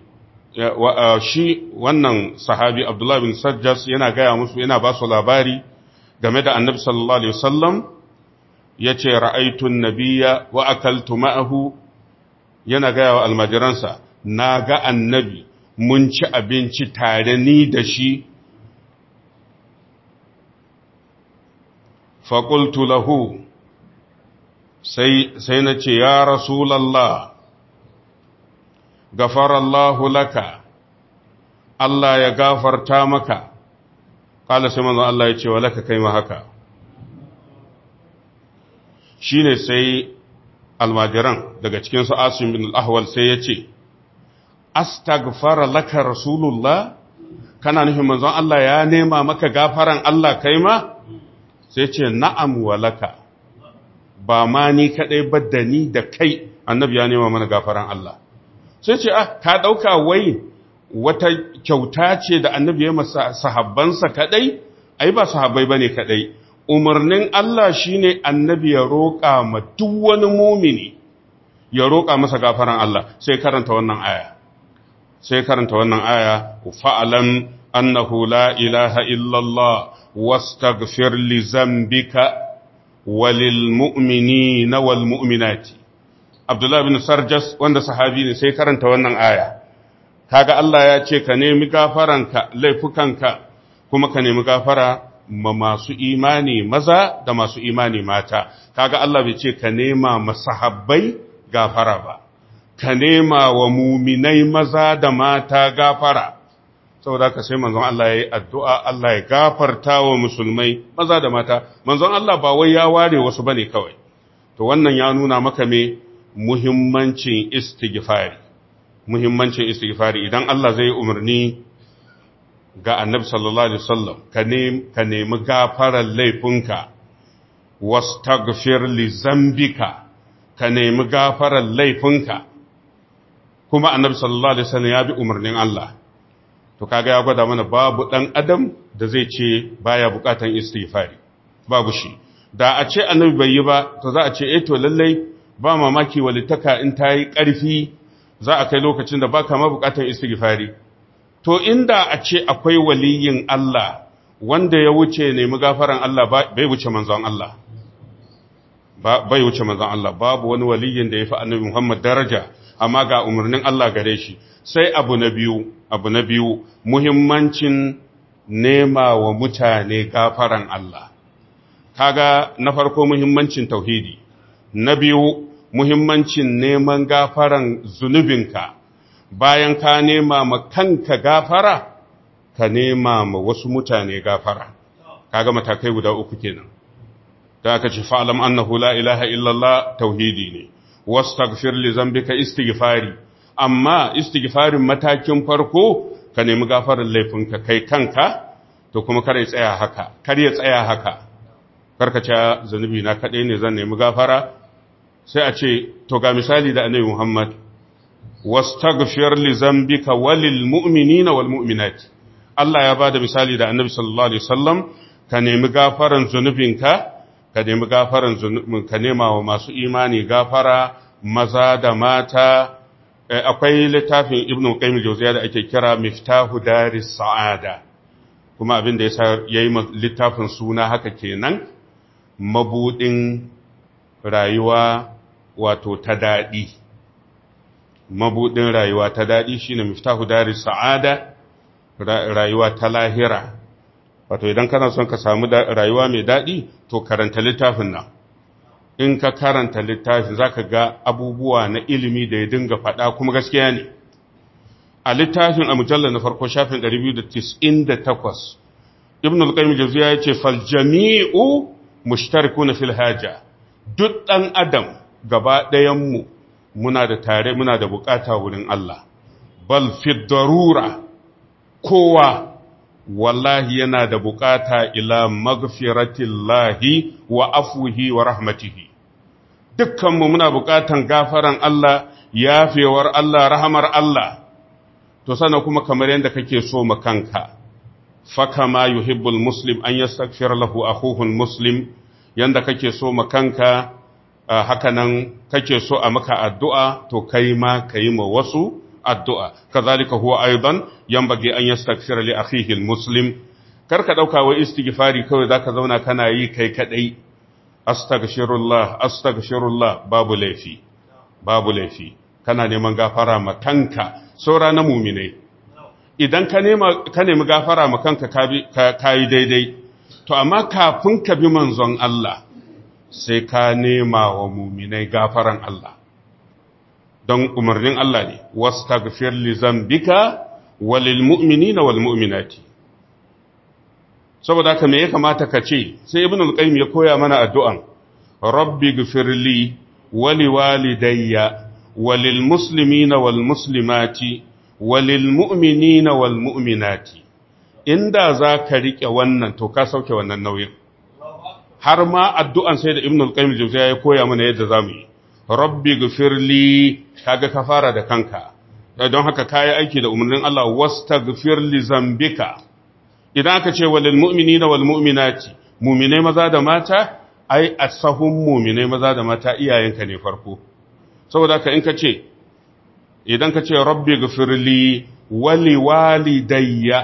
shi wannan sahabi abdullahi bin sajjas yana gaya musu yana ba su labari game da annabi sallallahu alaihi wasallam ya ce ra'aitun nabiya wa akaltu ma'ahu yana gaya wa almajiransa na ga annabi mun ci abinci tare ni da shi faƙultu lahu sai na ce ya rasulallah gafarallahu laka Allah ya gafarta maka ƙala sai manzon Allah ya ce wa kai ma haka shine sai almajiran daga cikin su Asim bin al-Ahwal sai yace ce astaghfara laka rasulullah kana nufin manzon Allah ya nema maka gafaran Allah kai ma sai na'am walaka. ba ma ni kadai ba da ni da kai annabi ya nema mana gafaran Allah sai ce ah ka ɗauka wai wata kyauta ce da annabi ya masa sahabbansa kadai ai ba sahabbai bane kadai umarnin Allah shine annabi ya roƙa ma duk wani mumini ya roƙa masa gafaran Allah sai karanta wannan aya sai karanta wannan aya fa'alan annahu la ilaha illallah wastaghfir li zambika walil mu'minina wal mu'minati Abdullah bin Sarjas wanda sahabi ne sai karanta wannan aya kaga Allah ya ce ka nemi gafaranka laifukanka kuma ka nemi gafara ma masu imani maza da masu imani mata kaga Allah bai ce ka nema masahabbai gafara ba ka nema wa muminai maza da mata gafara saboda ka sai manzon Allah ya addu'a Allah ya gafarta wa musulmai maza da mata manzon Allah ba wai ya ware wasu ba ne kawai to wannan ya nuna maka me muhimmancin istighfari muhimmancin istighfari idan Allah zai umarni ga annabi sallallahu alaihi wasallam ka nemi gafarar laifinka wastaghfir li zambika ka nemi gafarar laifinka kuma annabi sallallahu alaihi wasallam ya bi umarnin Allah to kaga ya gwada mana babu dan adam da zai ce baya bukatan istighfari babu shi da a ce annabi bai yi ba to za a ce eh to lallai ba mamaki walittaka in ta yi ƙarfi za a kai lokacin da ba ka ma buƙatar istighfari to inda a ce akwai waliyin Allah wanda ya wuce nemi gafaran Allah bai wuce manzon Allah bai wuce manzon Allah babu wani waliyin da ya fi annabi Muhammad daraja amma ga umarnin Allah gare shi sai abu na biyu abu na biyu muhimmancin nema wa mutane gafaran Allah kaga na farko muhimmancin tauhidi na biyu muhimmancin neman gafaran zunubinka bayan ka nema ma kanka gafara ka nema ma wasu mutane gafara kaga matakai guda uku kenan da aka ce fa'alam annahu la ilaha illallah tauhidi ne wastaghfir li zambika istighfari amma istighfarin matakin farko ka nemi gafarar laifinka kai kanka to kuma kar ya tsaya haka kar ya tsaya haka karkace zanubi na kaɗai ne zan nemi gafara sai a ce to ga misali da annabi Muhammad wastaghfir li zambika walil mu'minina wal mu'minat Allah ya ba da misali da annabi sallallahu alaihi wasallam ka nemi gafaran zunubinka ka nemi gafaran ka nema wa masu imani gafara maza da mata eh, akwai littafin ibnu qayyim Jauziya da ake kira miftahu daris sa'ada kuma abin da ya yasa yayi littafin suna haka kenan mabuɗin rayuwa wato ta daɗi mabuɗin rayuwa ta daɗi shi ne miftahu daris sa'ada rayuwa ta lahira wato idan kana son ka samu rayuwa mai daɗi to karanta littafin nan in ka karanta littafin za ka ga abubuwa na ilimi da ya dinga faɗa kuma gaskiya ne a littafin a mujallar na farko shafin 298 ibn al-qayyim jawziya yace fal jami'u mushtarikuna fil haja duk ɗan adam gaba ɗayanmu muna da tare muna da bukata wurin Allah bal fi kowa wallahi yana da bukata ila magfiratillahi wa afuhi wa rahmatihi dukkanmu muna bukatan gafaran Allah yafewar Allah rahamar Allah to sana kuma kamar yadda kake so ma kanka fakama yuhibbul muslim an yastaghfir lahu akhuhul muslim yanda kake so ma kanka Ah, hakanan kake so a maka addu'a to kai ma ka yi ma wasu addu'a kazalika huwa yan yambage an yastaghfira li akhihi Kar ka ɗauka wa istighfari kawai zaka zauna kana yi kai kadai astaghfirullah astaghfirullah babu laifi babu laifi kana neman gafara ma kanka saura na muminai idan ka ka nemi gafara ma kanka ka yi daidai to amma kafin ka bi manzon Allah sai ka nema wa muminai gafaran Allah don umarnin Allah ne wasu tagfiyar lizan bika walil na wal mu'minati saboda haka me ya kamata ka ce sai ibn al-qayyim ya koya mana addu'an rabbi gafirli, wali wa walidayya walil na wal muslimati walil na wal mu'minati inda za ka riƙe wannan to ka sauke wannan nauyin har ma addu'an sai da Ibn al-Qayyim al ya koya mana yadda mu yi rabbi ka ga ka fara da kanka eh, don haka kayi aiki da umarnin Allah wastaghfir li zambika idan aka ce walil na wal mu'minati mu'minai maza da mata ai sahun mu'minai maza da mata iyayenka ne farko saboda ka in ka ce idan ka ce rabbi gfirli wali walidayya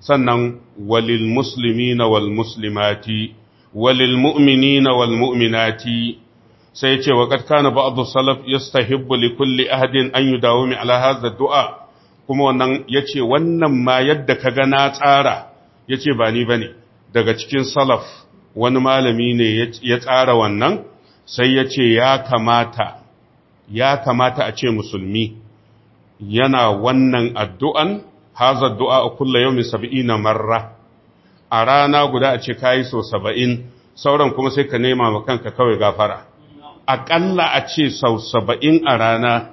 sannan walil na wal muslimati walil mu'minina wal mu'minati sai ce wa kad kana ba'du salaf yastahibbu li kulli ahadin an yudawmi ala hadha du'a kuma wannan yace wannan ma yadda kaga na tsara yace ba ni bane daga cikin salaf wani malami ne ya tsara wannan sai yace ya kamata ya kamata a ce musulmi yana wannan addu'an haza du'a a kulla yau mai marra a rana guda a ce kayi so saba'in sauran kuma sai ka nema ma kanka kawai gafara aƙalla a ce sau saba'in a rana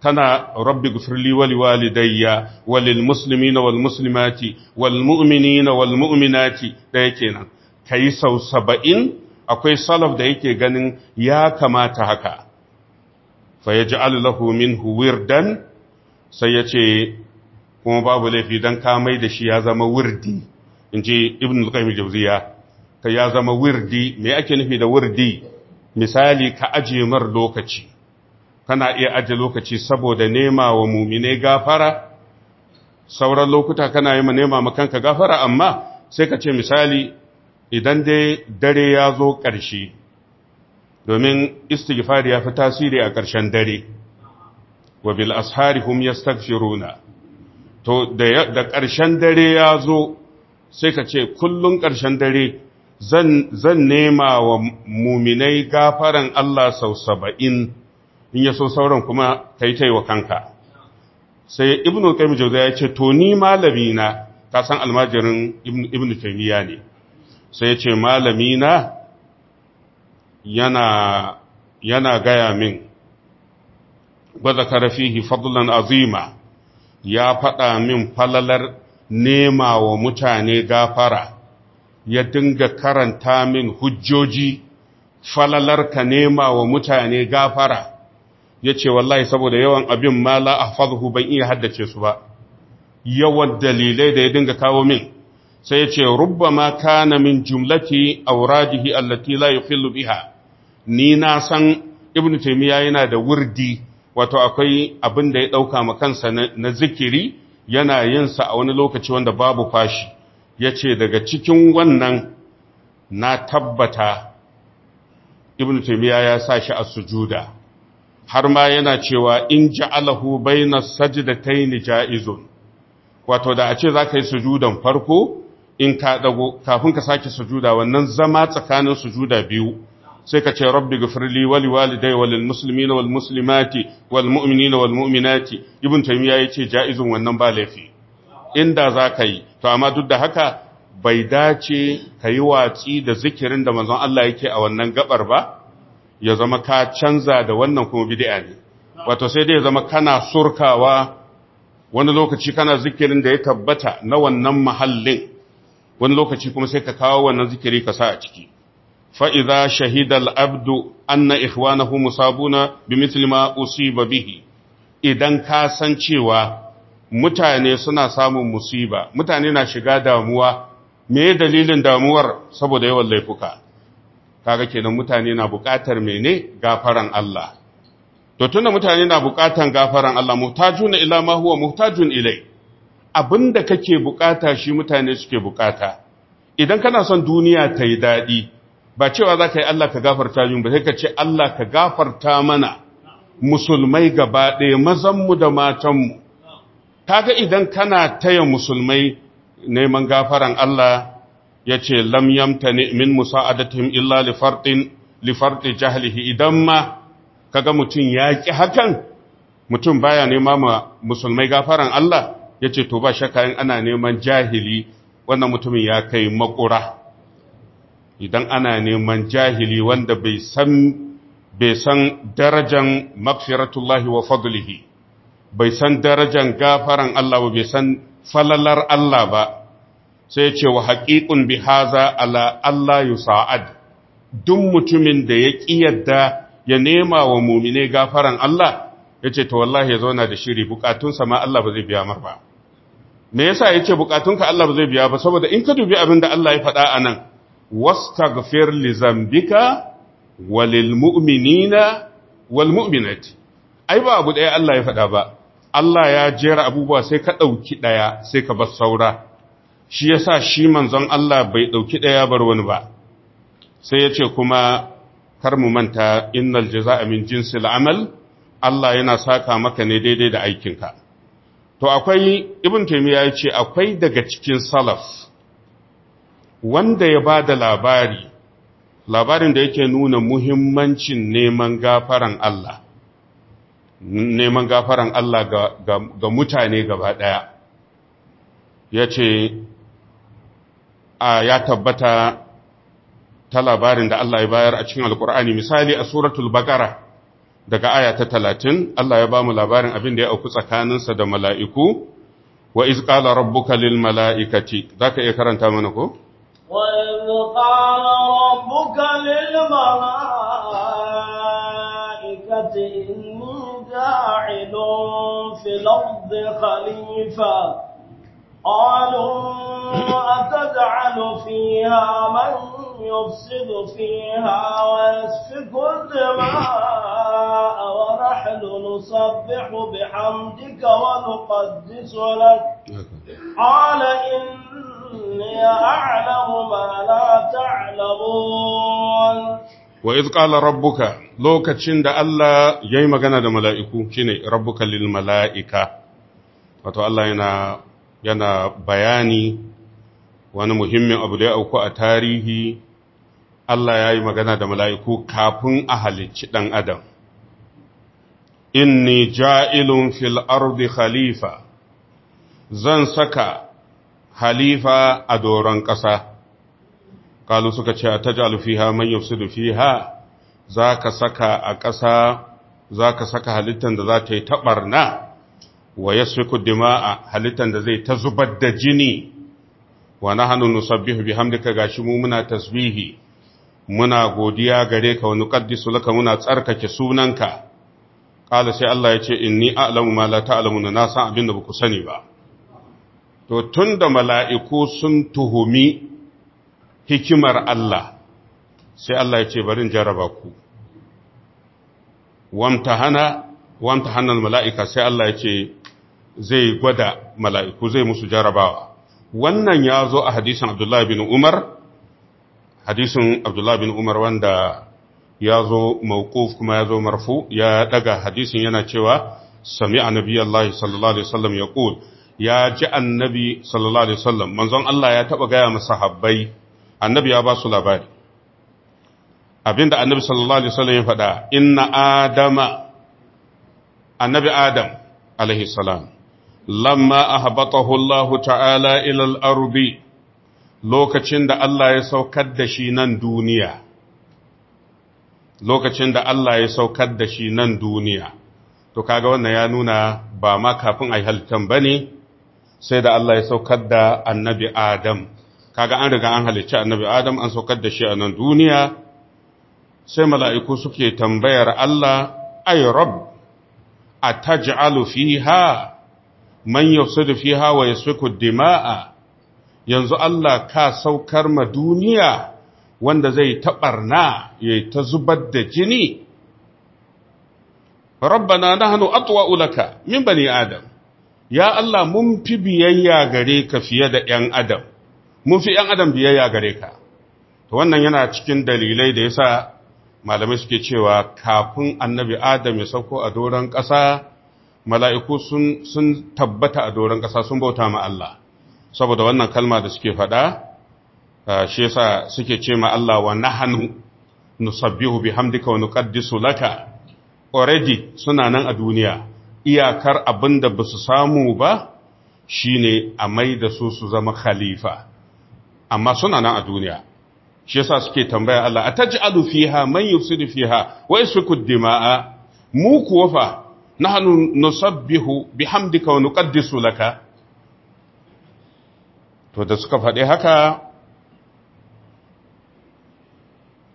tana rabbi gufirli wali dayya walil na wal musulmati wal na wal mu'minati da yake nan yi sau saba'in akwai salaf da yake ganin ya kamata haka fa yaj'al lahu min wirdan sai ya ce kuma babu laifi don ka mai da shi ya zama wurdi. in ji ibn al-qayyim jawziya ta ya zama wirdi me ake nufi da wirdi misali ka aje mar lokaci kana iya aje lokaci saboda nema wa mumine gafara sauran lokuta kana yi ma nema makanka gafara amma sai ka ce misali idan dai dare ya zo ƙarshe domin istighfar ya fi tasiri a ƙarshen dare wa bil ashari hum yastaghfiruna to da ƙarshen dare ya zo sai ka ce kullum ƙarshen dare zan nema wa muminai gafaran Allah sau saba'in in ya so sauran kuma ka yi taiwa kanka sai ibn qayyim jauza ya ce to ni malami na ka san almajirin ibn taimiyya ne sai ya ce malami na yana gaya min gwada karfi fadlan azima ya faɗa min falalar nema wa mutane gafara ya dinga karanta min hujjoji falalarka nema wa mutane gafara ya ce wallahi saboda yawan abin ma la ahfazuhu ban iya haddace su ba yawan dalilai da ya dinga kawo min sai ya ce ma kana min jumlati awradihi allati la filu biha ni na san Ibn taymiya yana da wurdi wato akwai abin da ya dauka ma kansa na zikiri yana yin sa a wani lokaci wanda babu fashi Ya ce daga cikin wannan na tabbata ibn taymiya ya sa shi a sujuda har ma yana cewa in ja'alahu baina sajdatayn ja'izun wato da a ce za ka yi sujudan farko in ka dago kafin ka sake sujuda wannan zama tsakanin sujuda biyu sai ka ce rabbi li wali walidai walil muslimina wal muslimati wal mu'minina wal mu'minati ibn taymiya yace ce ja'izun wannan ba laifi inda zaka yi to amma duk da haka bai dace ka yi watsi da zikirin da manzon Allah yake a wannan gabar ba ya zama ka canza da wannan kuma bid'a ne wato sai dai ya zama kana surkawa wani lokaci kana zikirin da ya tabbata na wannan mahallin wani lokaci kuma sai ka kawo wannan zikiri ka sa a ciki فإذا شهد العبد أن إخوانه مصابون بمثل ما أصيب به idan ka san cewa mutane suna samun musiba mutane na shiga damuwa me dalilin damuwar saboda yawan laifuka kaga kenan mutane na bukatar mene gafaran Allah to tunda mutane na bukatan gafaran Allah muhtajuna ila ma huwa muhtajun ilai abinda kake bukata shi mutane suke bukata idan kana son duniya ta yi daɗi ba cewa za ka yi Allah ka gafarta yin ba sai ka ce Allah ka gafarta mana musulmai gaba ɗaya mazanmu da matanmu ga idan kana taya musulmai neman gafaran Allah ya ce lam ne min adatim illa li fartin idan ma kaga mutum ya ƙi hakan mutum baya nema ma musulmai gafaran Allah ya ce to ba shakka ana neman jahili wannan mutumin ya kai makura idan ana neman jahili wanda bai san bai san darajan maghfiratullahi wa fadlihi bai san darajan gafaran Allah ba bai san falalar Allah ba sai ce wa haqiqun bihaza ala Allah yusa'ad duk mutumin da ya kiyarda ya nema wa mumine gafaran Allah yace to wallahi ya zauna da shiri bukatunsa ma Allah ba zai biya mar ba me yasa yace bukatunka Allah ba zai biya ba saboda in ka dubi abin da Allah ya faɗa anan wastaghfir li zambika walil mu'minina wal mu'minati ba abu daya Allah ya faɗa ba Allah ya jera abubuwa sai ka ɗauki ɗaya sai ka bar saura shi yasa shi manzon Allah bai ɗauki ɗaya bar wani ba sai ya ce kuma kar mu manta innal jaza'a min jinsil amal Allah yana saka maka ne daidai da aikinka to akwai ibn taymiya ya ce akwai daga cikin salaf wanda ya ba da labari labarin da yake nuna muhimmancin neman gafaran Allah neman gafaran Allah ga, mutane gaba ɗaya ya ce ya tabbata ta labarin da Allah ya bayar a cikin alkur'ani misali a suratul bakara daga aya ta talatin Allah ya ba mu labarin abin da ya auku tsakaninsa da mala'iku wa iz qala rabbuka lil mala'ikati ka iya karanta mana ko وإذ قال ربك للملائكة إني جاعل في الأرض خليفة قالوا أتجعل فيها من يفسد فيها ويسفك الدماء ونحن نسبح بحمدك ونقدس لك قال إن إني أعلم ما لا تعلمون وإذ قال ربك لوك تشند الله يي كان هذا ملائكو شيني ربك للملائكة wato Allah yana yana bayani wani muhimmin abu da ya auku a tarihi Allah ya yi magana da mala'iku kafin a halicci ɗan adam inni ja'ilun fil ardi khalifa zan saka halifa a doron ƙasa ƙalu suka ce a tajalu fiha man yufsidu fiha ka saka a ƙasa za ka saka halittar da za ta yi taɓar na, wa ya dima a halittar da zai ta zubar da jini wa na bi hamdika bihamdika gashi mu muna tasbihi muna godiya gare ka wa su laka muna tsarkake sunanka qala sai Allah ya ce inni a'lamu ma la na san abin da ku sani ba to tun da mala'iku sun tuhumi hikimar Allah sai Allah ya ce barin jaraba ku wamta hannun mala'ika sai Allah ya ce zai gwada mala'iku zai musu jarabawa wannan ya zo a hadisin abdullahi bin umar hadisin abdullahi bin umar wanda ya zo mawquf kuma ya zo marfu ya daga hadisin yana cewa sami annabi Allah sallallahu alaihi wasallam ya qul ya ji annabi sallallahu alaihi wasallam manzon Allah ya taba gaya masa habbai annabi ya ba su labari abinda annabi sallallahu alaihi wasallam ya faɗa inna adama annabi adam alaihi salam lamma ahbatahu Allah ta'ala ila al-ardi lokacin da Allah ya saukar da shi nan duniya lokacin da Allah ya saukar da shi nan duniya to kaga wannan ya nuna ba ma kafin ai halittan bane sai da Allah ya saukar da annabi Adam kaga an riga an halicci annabi Adam an saukar da shi a nan duniya sai mala'iku suke tambayar Allah ay rabb ataj'alu fiha man yufsidu fiha wa yasfiku dima'a yanzu Allah ka saukar ma duniya wanda zai taɓarna ya ta zubar da jini. Rabbana nahnu atwa laka min bani Adam, ya Allah mun fi biyayya gare ka fiye da ‘yan adam, mun fi ‘yan adam biyayya gare ka, to wannan yana cikin dalilai da yasa malamai suke cewa kafin annabi Adam ya sauko a doron ƙasa, mala'iku sun tabbata a doron ƙasa sun bauta ma Allah, saboda wannan kalma da suke faɗa, shi yasa suke ce ma Allah wa nahanu nusabbihu bihamdika wa nuqaddisu laka already suna nan a duniya iyakar abin da ba su samu ba shine a mai da su su zama khalifa amma suna nan a duniya shi yasa suke tambaya Allah ataj'alu fiha man yufsidu fiha wa yasfiku dima'a mu kuwa fa nahnu nusabbihu bihamdika wa nuqaddisu laka to da suka faɗi haka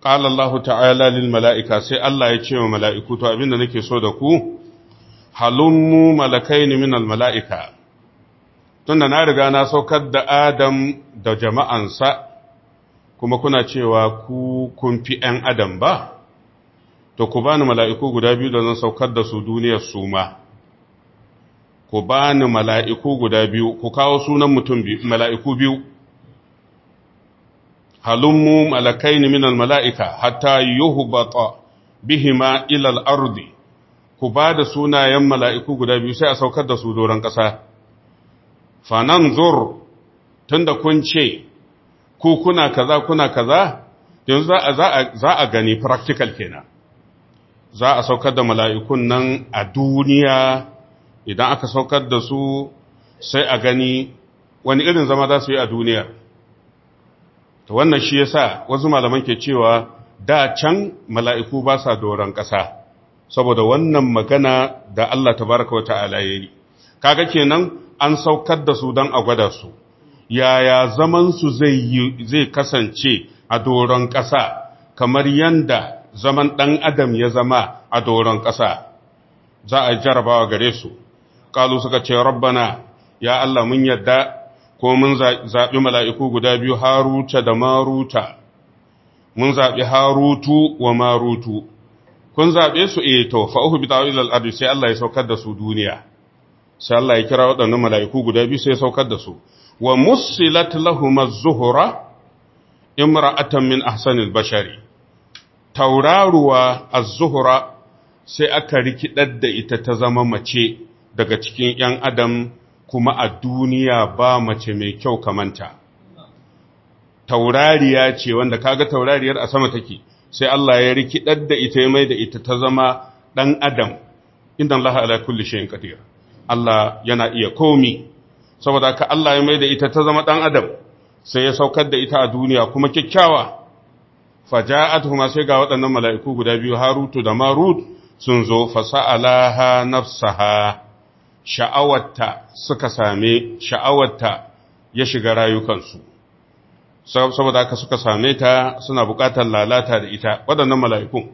qala Allah ta'ala lil mala'ika sai Allah ya ce wa mala'iku to abinda nake so da ku halummu malakaini min almala'ika tunda na riga na saukar da Adam da jama'ansa kuma kuna cewa ku kun fi ‘yan Adam ba, to ku bani mala'iku guda biyu da zan saukar da su duniyar su ma, ku bani mala'iku guda biyu, ku kawo sunan mutum mala'iku biyu, halummu malakaini min almala'ika hatta yuhu bata bihima ilal ardi. ku ba da sunayen mala'iku guda biyu sai a saukar da su doron ƙasa. Fanan zur tun da kun ce, ku kuna kaza kuna kaza, yanzu za a gani practical kenan. Za a saukar da mala'ikun nan a duniya idan aka saukar da su sai a gani wani irin zama za su yi a duniya. Ta wannan shi ya sa wasu malaman ke cewa da can mala'iku ba sa doron ƙasa. saboda wannan magana da Allah Ta baraka wa ta'ala yi, kaga kenan an saukar da su don a gwada su yaya zamansu zai kasance a doron ƙasa kamar yanda zaman ɗan adam ya zama a doron ƙasa za a jarabawa gare su ƙalu suka ce rabbana ya Allah mun yadda ko mun zaɓi mala'iku guda biyu haruta da maruta mun zaɓi harutu wa marutu kun zaɓe su e to fa'uhu bi ta'wil al sai Allah ya saukar da su duniya sai Allah ya kira waɗannan mala'iku guda biyu sai ya saukar da su wa musilat lahum az-zuhra imra'atan min ahsani al-bashari tauraruwa az-zuhra sai aka rikidar da ita ta zama mace daga cikin ‘yan adam kuma a duniya ba mace mai kyau kamanta. Taurariya ce wanda kaga taurariyar a sama take, sai Allah ya rikidar da ita mai da ita ta zama ɗan adam inda Allah ala kulli shayin qadir Allah yana iya komi saboda ka Allah ya mai da ita ta zama ɗan adam sai ya saukar da ita a duniya kuma kyakkyawa faja'atuhuma sai ga waɗannan mala'iku guda biyu Harutu da Marut sun zo fasa'alaha nafsaha sha'awarta suka same sha'awarta ya shiga rayukansu saboda aka suka same ta suna bukatar lalata da ita waɗannan mala'ikun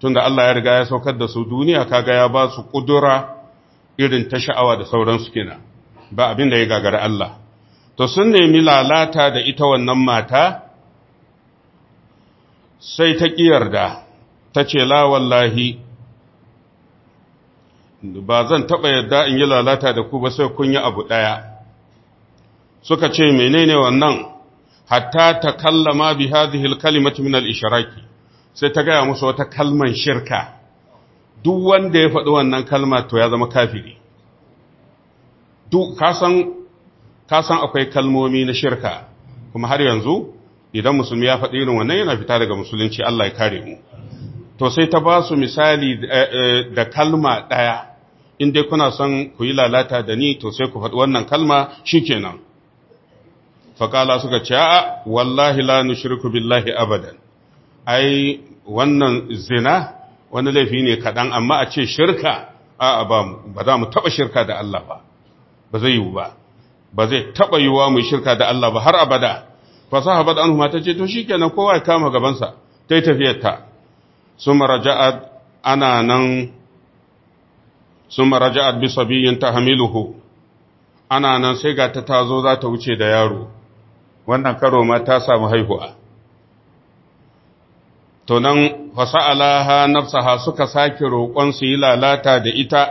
tunda Allah ya riga ya saukar da su duniya kaga ya ba su kudura irin ta sha'awa da sauransu kenan ba abin da ya gagara Allah to sun nemi lalata da ita wannan mata sai ta yarda ta ce la wallahi ba zan taɓa yadda in yi lalata da ku ba sai kun yi abu ɗaya suka ce menene wannan hatta ta kallama bi hadhihi kalimatu min al-ishraki sai ta gaya musu wata kalman shirka duk wanda ya faɗi wannan kalma to ya zama kafiri duk kasan kasan akwai kalmomi na shirka kuma har yanzu idan musulmi ya faɗi irin wannan yana fita daga musulunci Allah ya kare mu to sai ta ba su misali eh, eh, da kalma ɗaya in dai kuna son ku yi lalata da ni to sai ku faɗi wannan kalma shikenan faƙala suka ce a wallahi la nushriku billahi abadan ai wannan zina wani laifi ne kaɗan amma a ce shirka a ba mu ba za mu taɓa shirka da Allah ba ba zai yiwu ba ba zai taɓa yiwuwa mu shirka da Allah ba har abada fasaha ba da anhu ta ce to shikenan kowa ya kama gabansa ta yi tafiyar ta summa raja'at ana nan summa raja'at bi sabiyin tahmiluhu ana nan sai ga ta tazo za ta wuce da yaro wannan karo ma ta samu haihuwa to nan fasa'alaha nafsaha suka sake roƙon su yi lalata da ita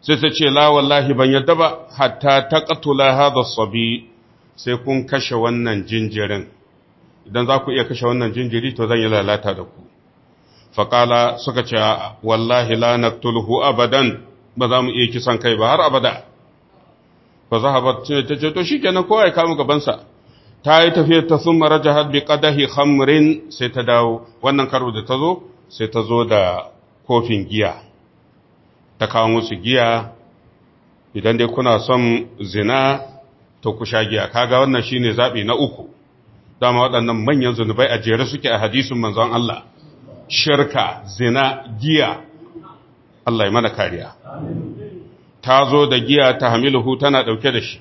sai ta ce la wallahi ban yadda ba hatta ta qatula hadha sabi sai kun kashe wannan jinjirin idan za ku iya kashe wannan jinjiri to zan yi lalata da ku faƙala suka ce wallahi la naqtuluhu abadan ba za mu iya kisan kai ba har abada fa zahabat ce ta ce to shikenan kowa ya kama gabansa ta yi tafiyar ta sun mara jihar bi ƙadahi hamrin sai ta dawo wannan karo da ta zo sai ta zo da kofin giya ta kawo musu giya idan dai kuna son zina to ku sha giya kaga wannan shine zaɓi na uku dama waɗannan manyan zunubai a jere suke a hadisin manzon Allah shirka zina giya Allah ya mana kariya ta zo da giya ta hamiluhu tana ɗauke da shi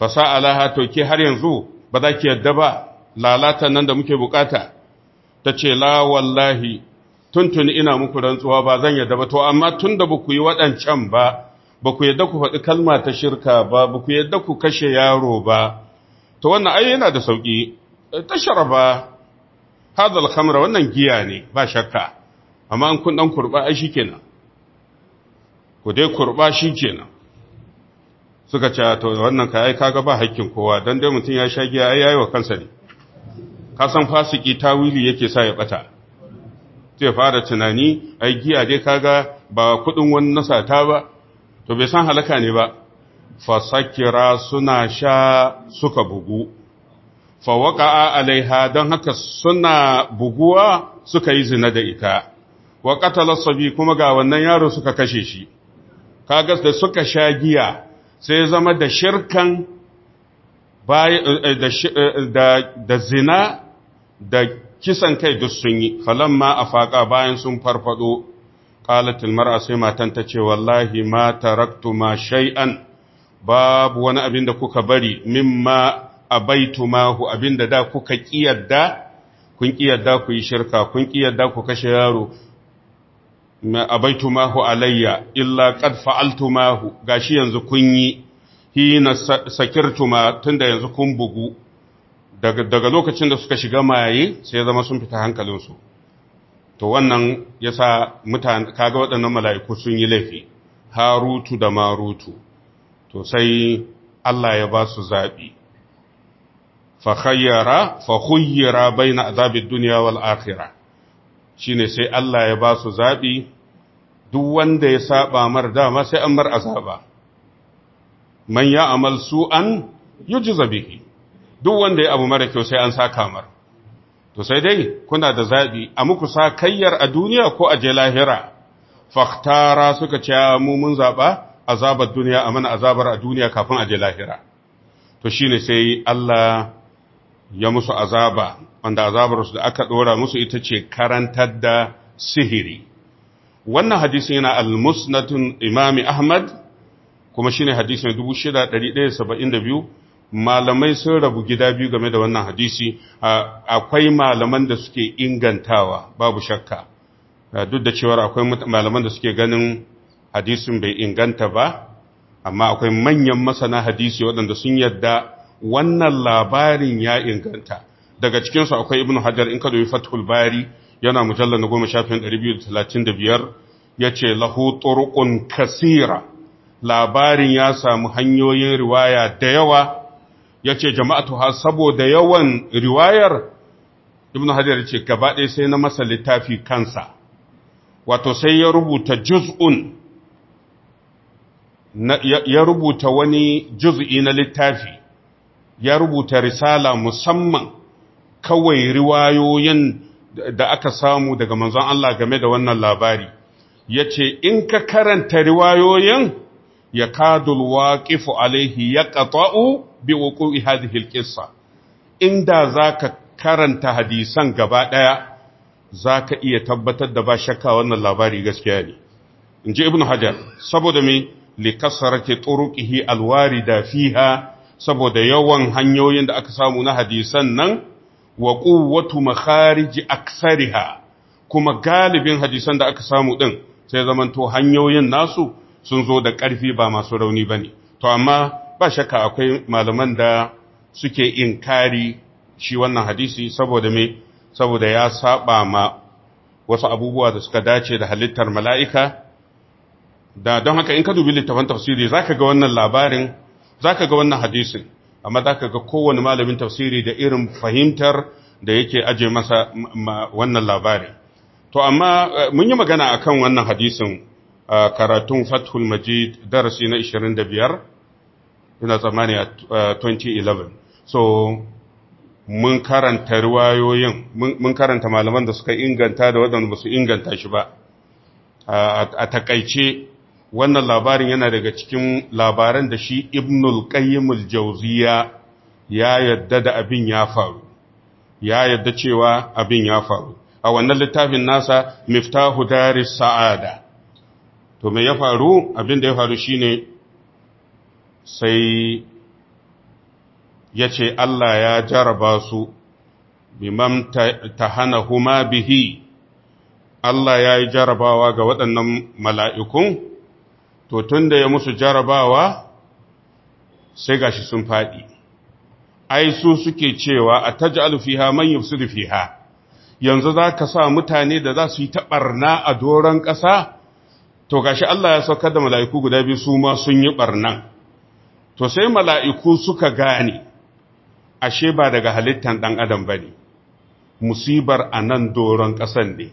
fasa'alaha to ke har yanzu ba za ki yadda ba lalata nan da muke bukata ta ce la wallahi tuntuni ina muku rantsuwa ba zan yadda ba to amma tun da ba ku yi waɗancan ba ba ku yadda ku faɗi kalma ta shirka ba ba ku yadda ku kashe yaro ba to wannan ai yana da sauƙi eh, ta sharaba hada khamra wannan giya ne ba shakka amma in kun dan kurba ai kenan ku dai kurba shikenan suka ce to wannan ka ai kaga ba hakkin kowa dan dai mutum ya sha giya ai yayi wa kansa ne ka san fasiki tawili yake sa ya bata sai fara tunani ai giya dai kaga ba kudin wani nasata ba to bai san halaka ne ba fasakira suna sha suka bugu fawaka alaiha don haka suna buguwa suka yi zina da ita wa qatala sabi kuma ga wannan yaro suka kashe shi kagas da suka sha giya sai zama da shirkan eh, eh, eh, da zina da kisan kai duk sun yi ma a faƙa bayan sun farfado Ƙalatin mar'a sai matan ta ce wallahi ma taraktu ma shay'an babu wani abin da kuka bari mimma abaitumahu abin da da kuka da kun ƙiyar da ku yi shirka kun ƙiyar da ku kashe yaro ma hu alayya illa qad Ga gashi yanzu kun yi hi na hina tun tunda yanzu kun bugu daga lokacin da suka shiga maye sai zama sun fita hankalin su to wannan yasa mutane kaga waɗannan mala'iku sun yi laifi harutu da marutu to sai Allah ya ba su zabi fa khayyara fa khayyara baina azabid dunya wal akhirah shine sai Allah ya ba su zaɓi duk wanda ya saba mar dama sai an mar azaba man ya amal su'an yujza bihi duk wanda ya abu mara kyau sai an saka mar to sai dai kuna da zabi a muku kayyar a duniya ko a je lahira fakhtara suka ce mu mun zaba azabar duniya a mana azabar a duniya kafin a je lahira to shine sai Allah ya musu azaba wanda azabar su da aka dora musu ita ce karantar da sihiri wannan hadisi yana al-musnadun imami ahmad kuma shine hadisi na 6172 malamai sun rabu gida biyu game da wannan hadisi akwai malaman da suke ingantawa babu shakka duk da cewar akwai malaman da suke ganin hadisin bai inganta ba amma akwai manyan masana hadisi waɗanda sun yadda wannan labarin ya inganta daga cikinsu akwai ibnu hajar in ka dubi fathul bari yana mujallar na goma shafin 235 ya ce lahu kasira labarin ya samu hanyoyin riwaya da yawa ya ce jama'atu ha saboda yawan riwayar ibn hajjar ce gaba sai na masa littafi kansa wato sai ya rubuta juz'un ya rubuta wani juz'i na littafi ya rubuta risala musamman kawai riwayoyin da aka samu daga manzon Allah game da wannan labari Ya ce in ka karanta riwayoyin ya kadul waqifu alaihi qata'u bi wuqu'i hadhihi alqissa inda zaka karanta hadisan gaba daya zaka iya tabbatar da ba shakka wannan labari gaskiya ne In inji ibnu hajar saboda me li kasarati turuqihi alwarida fiha saboda yawan hanyoyin da aka samu na hadisan nan wa quwwatu makhariji aksariha kuma galibin hadisan da aka samu din sai zamanto hanyoyin nasu sun zo da ƙarfi ba masu rauni ba ne. to amma ba shakka akwai malaman da suke inkari shi wannan hadisi saboda me saboda ya saba ma wasu abubuwa da suka dace da halittar mala'ika da don haka in ka dubi littafin tafsiri zaka ga wannan labarin zaka ga wannan hadisin amma za ka ga kowane malamin tafsiri da irin fahimtar da yake aje masa wannan labari to amma eh, mun yi magana a kan wannan hadisin karatun fathul majid darasi na 25 ina tsammani a 2011 so mun karanta riwayoyin mun karanta malaman da suka inganta da waɗanda ba su inganta shi ba a takaice wannan labarin yana daga cikin labaran da shi ibnul qayyimul jawziya ya yadda da abin ya faru ya yadda cewa abin ya faru a wannan littafin nasa miftahu daris sa'ada to me ya faru abin da ya faru shine sai yace ce Allah ya jaraba su bimam tahanahuma bihi Allah ya yi jarabawa ga waɗannan mala'ikun to tun da ya musu jarabawa sai gashi sun faɗi ai su suke cewa a taj'alu fiha man yufsidu fiha yanzu za ka sa mutane da za su yi taɓarna a doron ƙasa to gashi Allah ya sauka da mala'iku guda biyu su ma sun yi barnan to sai mala'iku suka gane ashe ba daga halittan ɗan adam bane musibar a nan doron ƙasan ne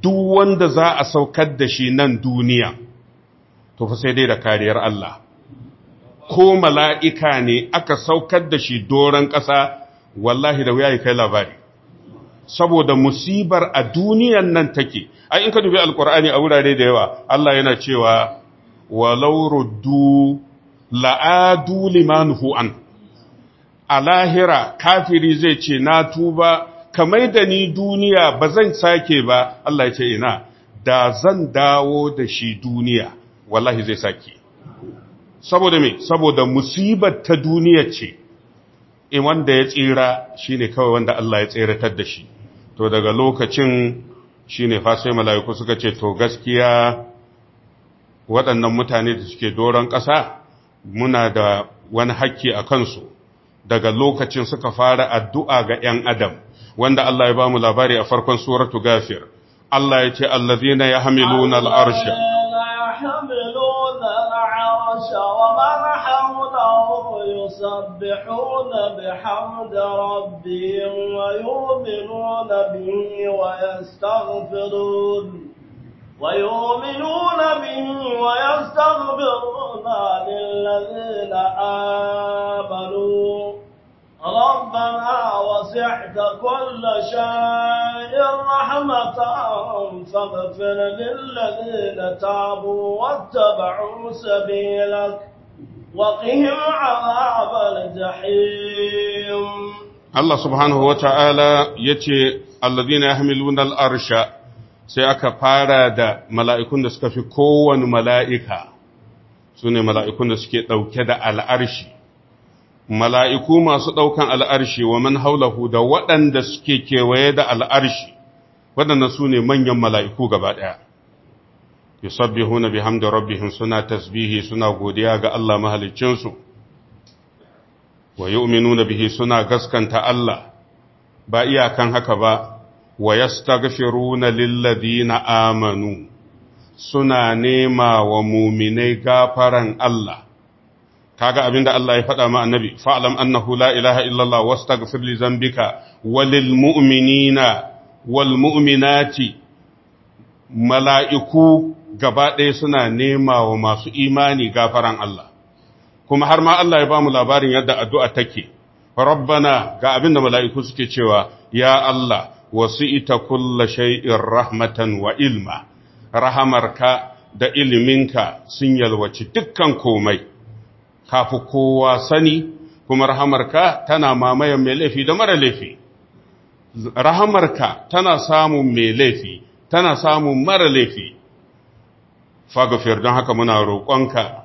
duk wanda za a saukar da shi nan duniya to fa sai dai da kariyar Allah ko mala'ika ne aka saukar da shi doron ƙasa wallahi da wuya kai labari saboda musibar a duniyan nan take ai in ka dubi alkur'ani a wurare da yawa Allah yana cewa walau ruddu la'adu limanhu an a lahira kafiri zai ce na tuba kamar da ni duniya ba zan sake ba Allah ya ce ina da zan dawo da shi duniya wallahi zai saki saboda me saboda musibar ta duniya ce in eh, wanda ya tsira shine kawai wanda Allah ya tsiratar da shi to daga lokacin shine fa sai mala'iku suka ce to gaskiya waɗannan mutane da suke doron ƙasa muna da wani hakki a kansu daga lokacin suka fara addu'a ga ‘yan Adam, wanda Allah ya bamu labari a farkon suratu gafir, Allah ya ce, Allazina ya hamilu na يسبحون بحمد ربهم ويؤمنون به ويستغفرون ويؤمنون به ويستغفرون للذين آمنوا ربنا وسعت كل شيء رحمة فاغفر للذين تابوا واتبعوا سبيلك وقهم عذاب الجحيم الله سبحانه وتعالى يتي الذين يحملون الأرش sai aka fara da mala'ikun da suka fi kowane mala'ika su ne mala'ikun da suke ɗauke da al'arshi mala'iku masu ɗaukan al'arshi wa man haulahu da waɗanda suke kewaye da al'arshi waɗanda su ne manyan mala'iku gaba ɗaya yusabbihuna bihamdi rabbihim suna tasbihi suna godiya ga Allah mahaliccinsu wa yu'minuna bihi suna gaskanta Allah ba iyakan haka ba wa yastaghfiruna lilladina amanu suna nema wa muminai gafaran Allah kaga abinda Allah ya faɗa ma annabi fa'lam annahu la ilaha illallah wastaghfir li zambika walil mu'minina wal mu'minati mala'iku gaba ɗaya suna nema wa masu imani gafaran Allah kuma har ma Allah ya ba mu labarin yadda addu'a take rabbana ga abin da mala'iku suke cewa ya Allah wasu ita kulla shai'in rahmatan wa ilma rahamarka da iliminka sun yalwaci dukkan komai kafi kowa sani kuma rahamarka tana mamayan mai laifi da mara laifi rahamarka tana samun mai laifi tana samun mara laifi faghfir don haka muna roƙonka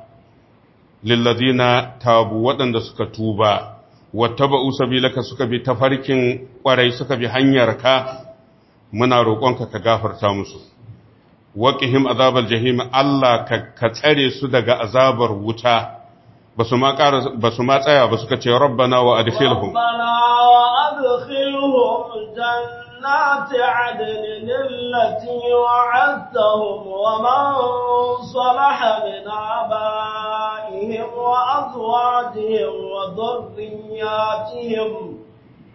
lillazina tabu waɗanda suka tuba wattaba'u sabilaka suka bi tafarkin ƙwarai suka bi hanyarka muna roƙonka ka gafarta musu waƙihim azabar jahim Allah ka tsare su daga azabar wuta basu ma ma tsaya ba suka ce rabbana wa adkhilhum rabbana wa adkhilhum جنات عدن التي وعدتهم ومن صلح من آبائهم وأزواجهم وذرياتهم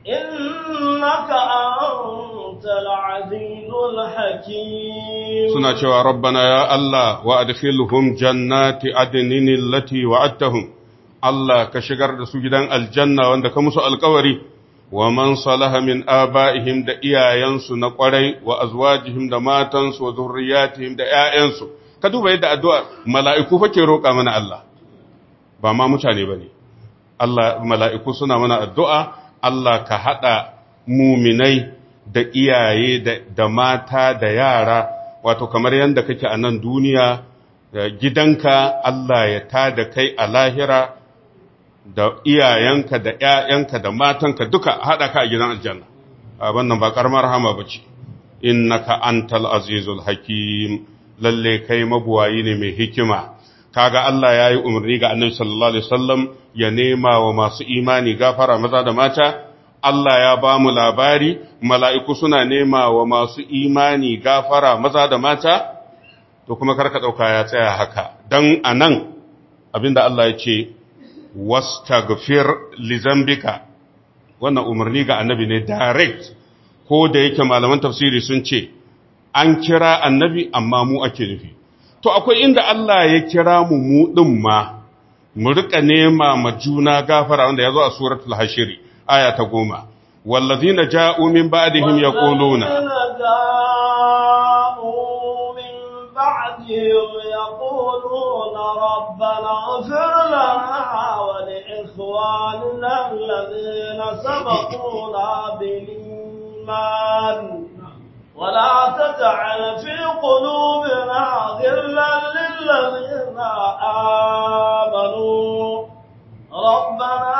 إنك أنت العزيز الحكيم سنة ربنا يا الله وأدخلهم جنات عدن التي وعدتهم الله كشجر سجدان الجنة وأنك مسؤال القوري wa man salaha min aba'ihim da iyayensu na kwarai wa azwajihim da matansu wa zurriyatihim da ƴaƴansu ka duba yadda addu'a mala'iku fa ke roƙa mana Allah ba ma mutane bane Allah mala'iku suna mana addu'a Allah ka hada muminai da iyaye da mata da yara wato kamar yadda kake a nan duniya eh, gidanka Allah ya tada kai a lahira da iyayenka da ‘ya'yanka da matanka duka haɗa ka a gidan aljanna, abin nan ba ƙarmar hama ba ce, In innaka antal azizul hakim lalle kai mabuwayi ne mai hikima, Ka ga Allah ya yi umarni ga annabi sallallahu Alaihi wasallam ya nema wa masu imani gafara maza da mata, Allah ya ba mu labari, mala'iku suna nema wa masu imani gafara maza da mata, to kuma karka ɗauka ya tsaya haka, don a nan abin da Allah ya ce, wastagfir li zambika wannan umarni ga annabi ne direct ko da yake malaman tafsiri sun ce an kira annabi amma mu ake nufi to akwai inda Allah ya kira mu mu din ma mu rika nema ma juna gafara wanda zo a suratul hashiri aya ta goma wallazina ja'u min ba'dihim yaquluna ja'u ربنا اغفر لنا ولإخواننا الذين سبقونا بالإيمان ولا تجعل في قلوبنا غلا للذين آمنوا ربنا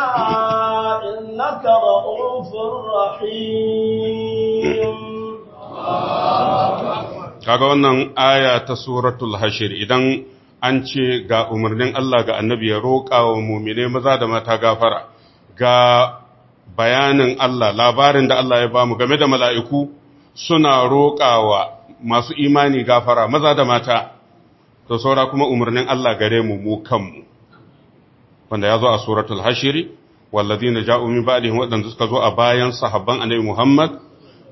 إنك رؤوف رحيم kaga آية سورة الحشر إذا an ce ga umarnin Allah ga annabi ya roƙa wa mumine maza da mata gafara ga bayanin Allah labarin da Allah ya bamu game da mala'iku suna roƙawa masu imani gafara maza da mata to saura kuma umarnin Allah gare mu mu kanmu wanda ya zo a suratul hashiri ja ja'u min da waɗanda suka zo a bayan sahabban annabi Muhammad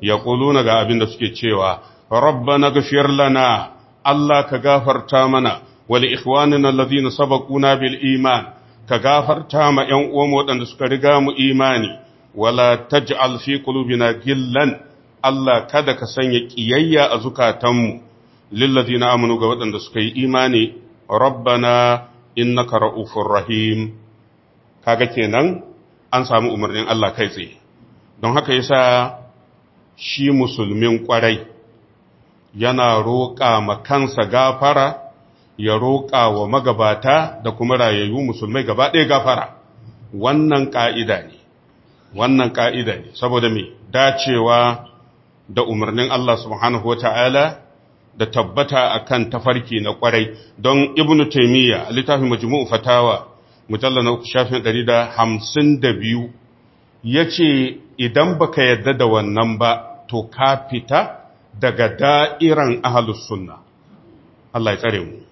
ya na ga abin da suke cewa Rabba na gafiyar lana Allah ka gafarta mana ولإخواننا الذين سبقونا بالإيمان كغافر تام يوم ومودن سكرقام إيماني ولا تجعل في قلوبنا جلا الله كذا كسنك إيايا أزكاتم للذين آمنوا قوتن سكي إيماني ربنا إنك رؤوف رحيم kaga kenan an samu umarnin Allah kai tsaye don haka yasa shi musulmin kwarai yana roƙa ma kansa gafara ya roƙa wa magabata da kuma rayayyu musulmai gaba ɗaya gafara wannan ƙa'ida ne wannan ƙa'ida ne saboda mai dacewa da umarnin Allah subhanahu wa ta'ala da tabbata a kan tafarki na ƙwarai don ibn taimiyya littafin majimu fatawa mujalla na shafin ɗari da hamsin da biyu ya ce idan baka yarda da wannan ba to ka fita daga da'iran ahalus sunna Allah ya tsare mu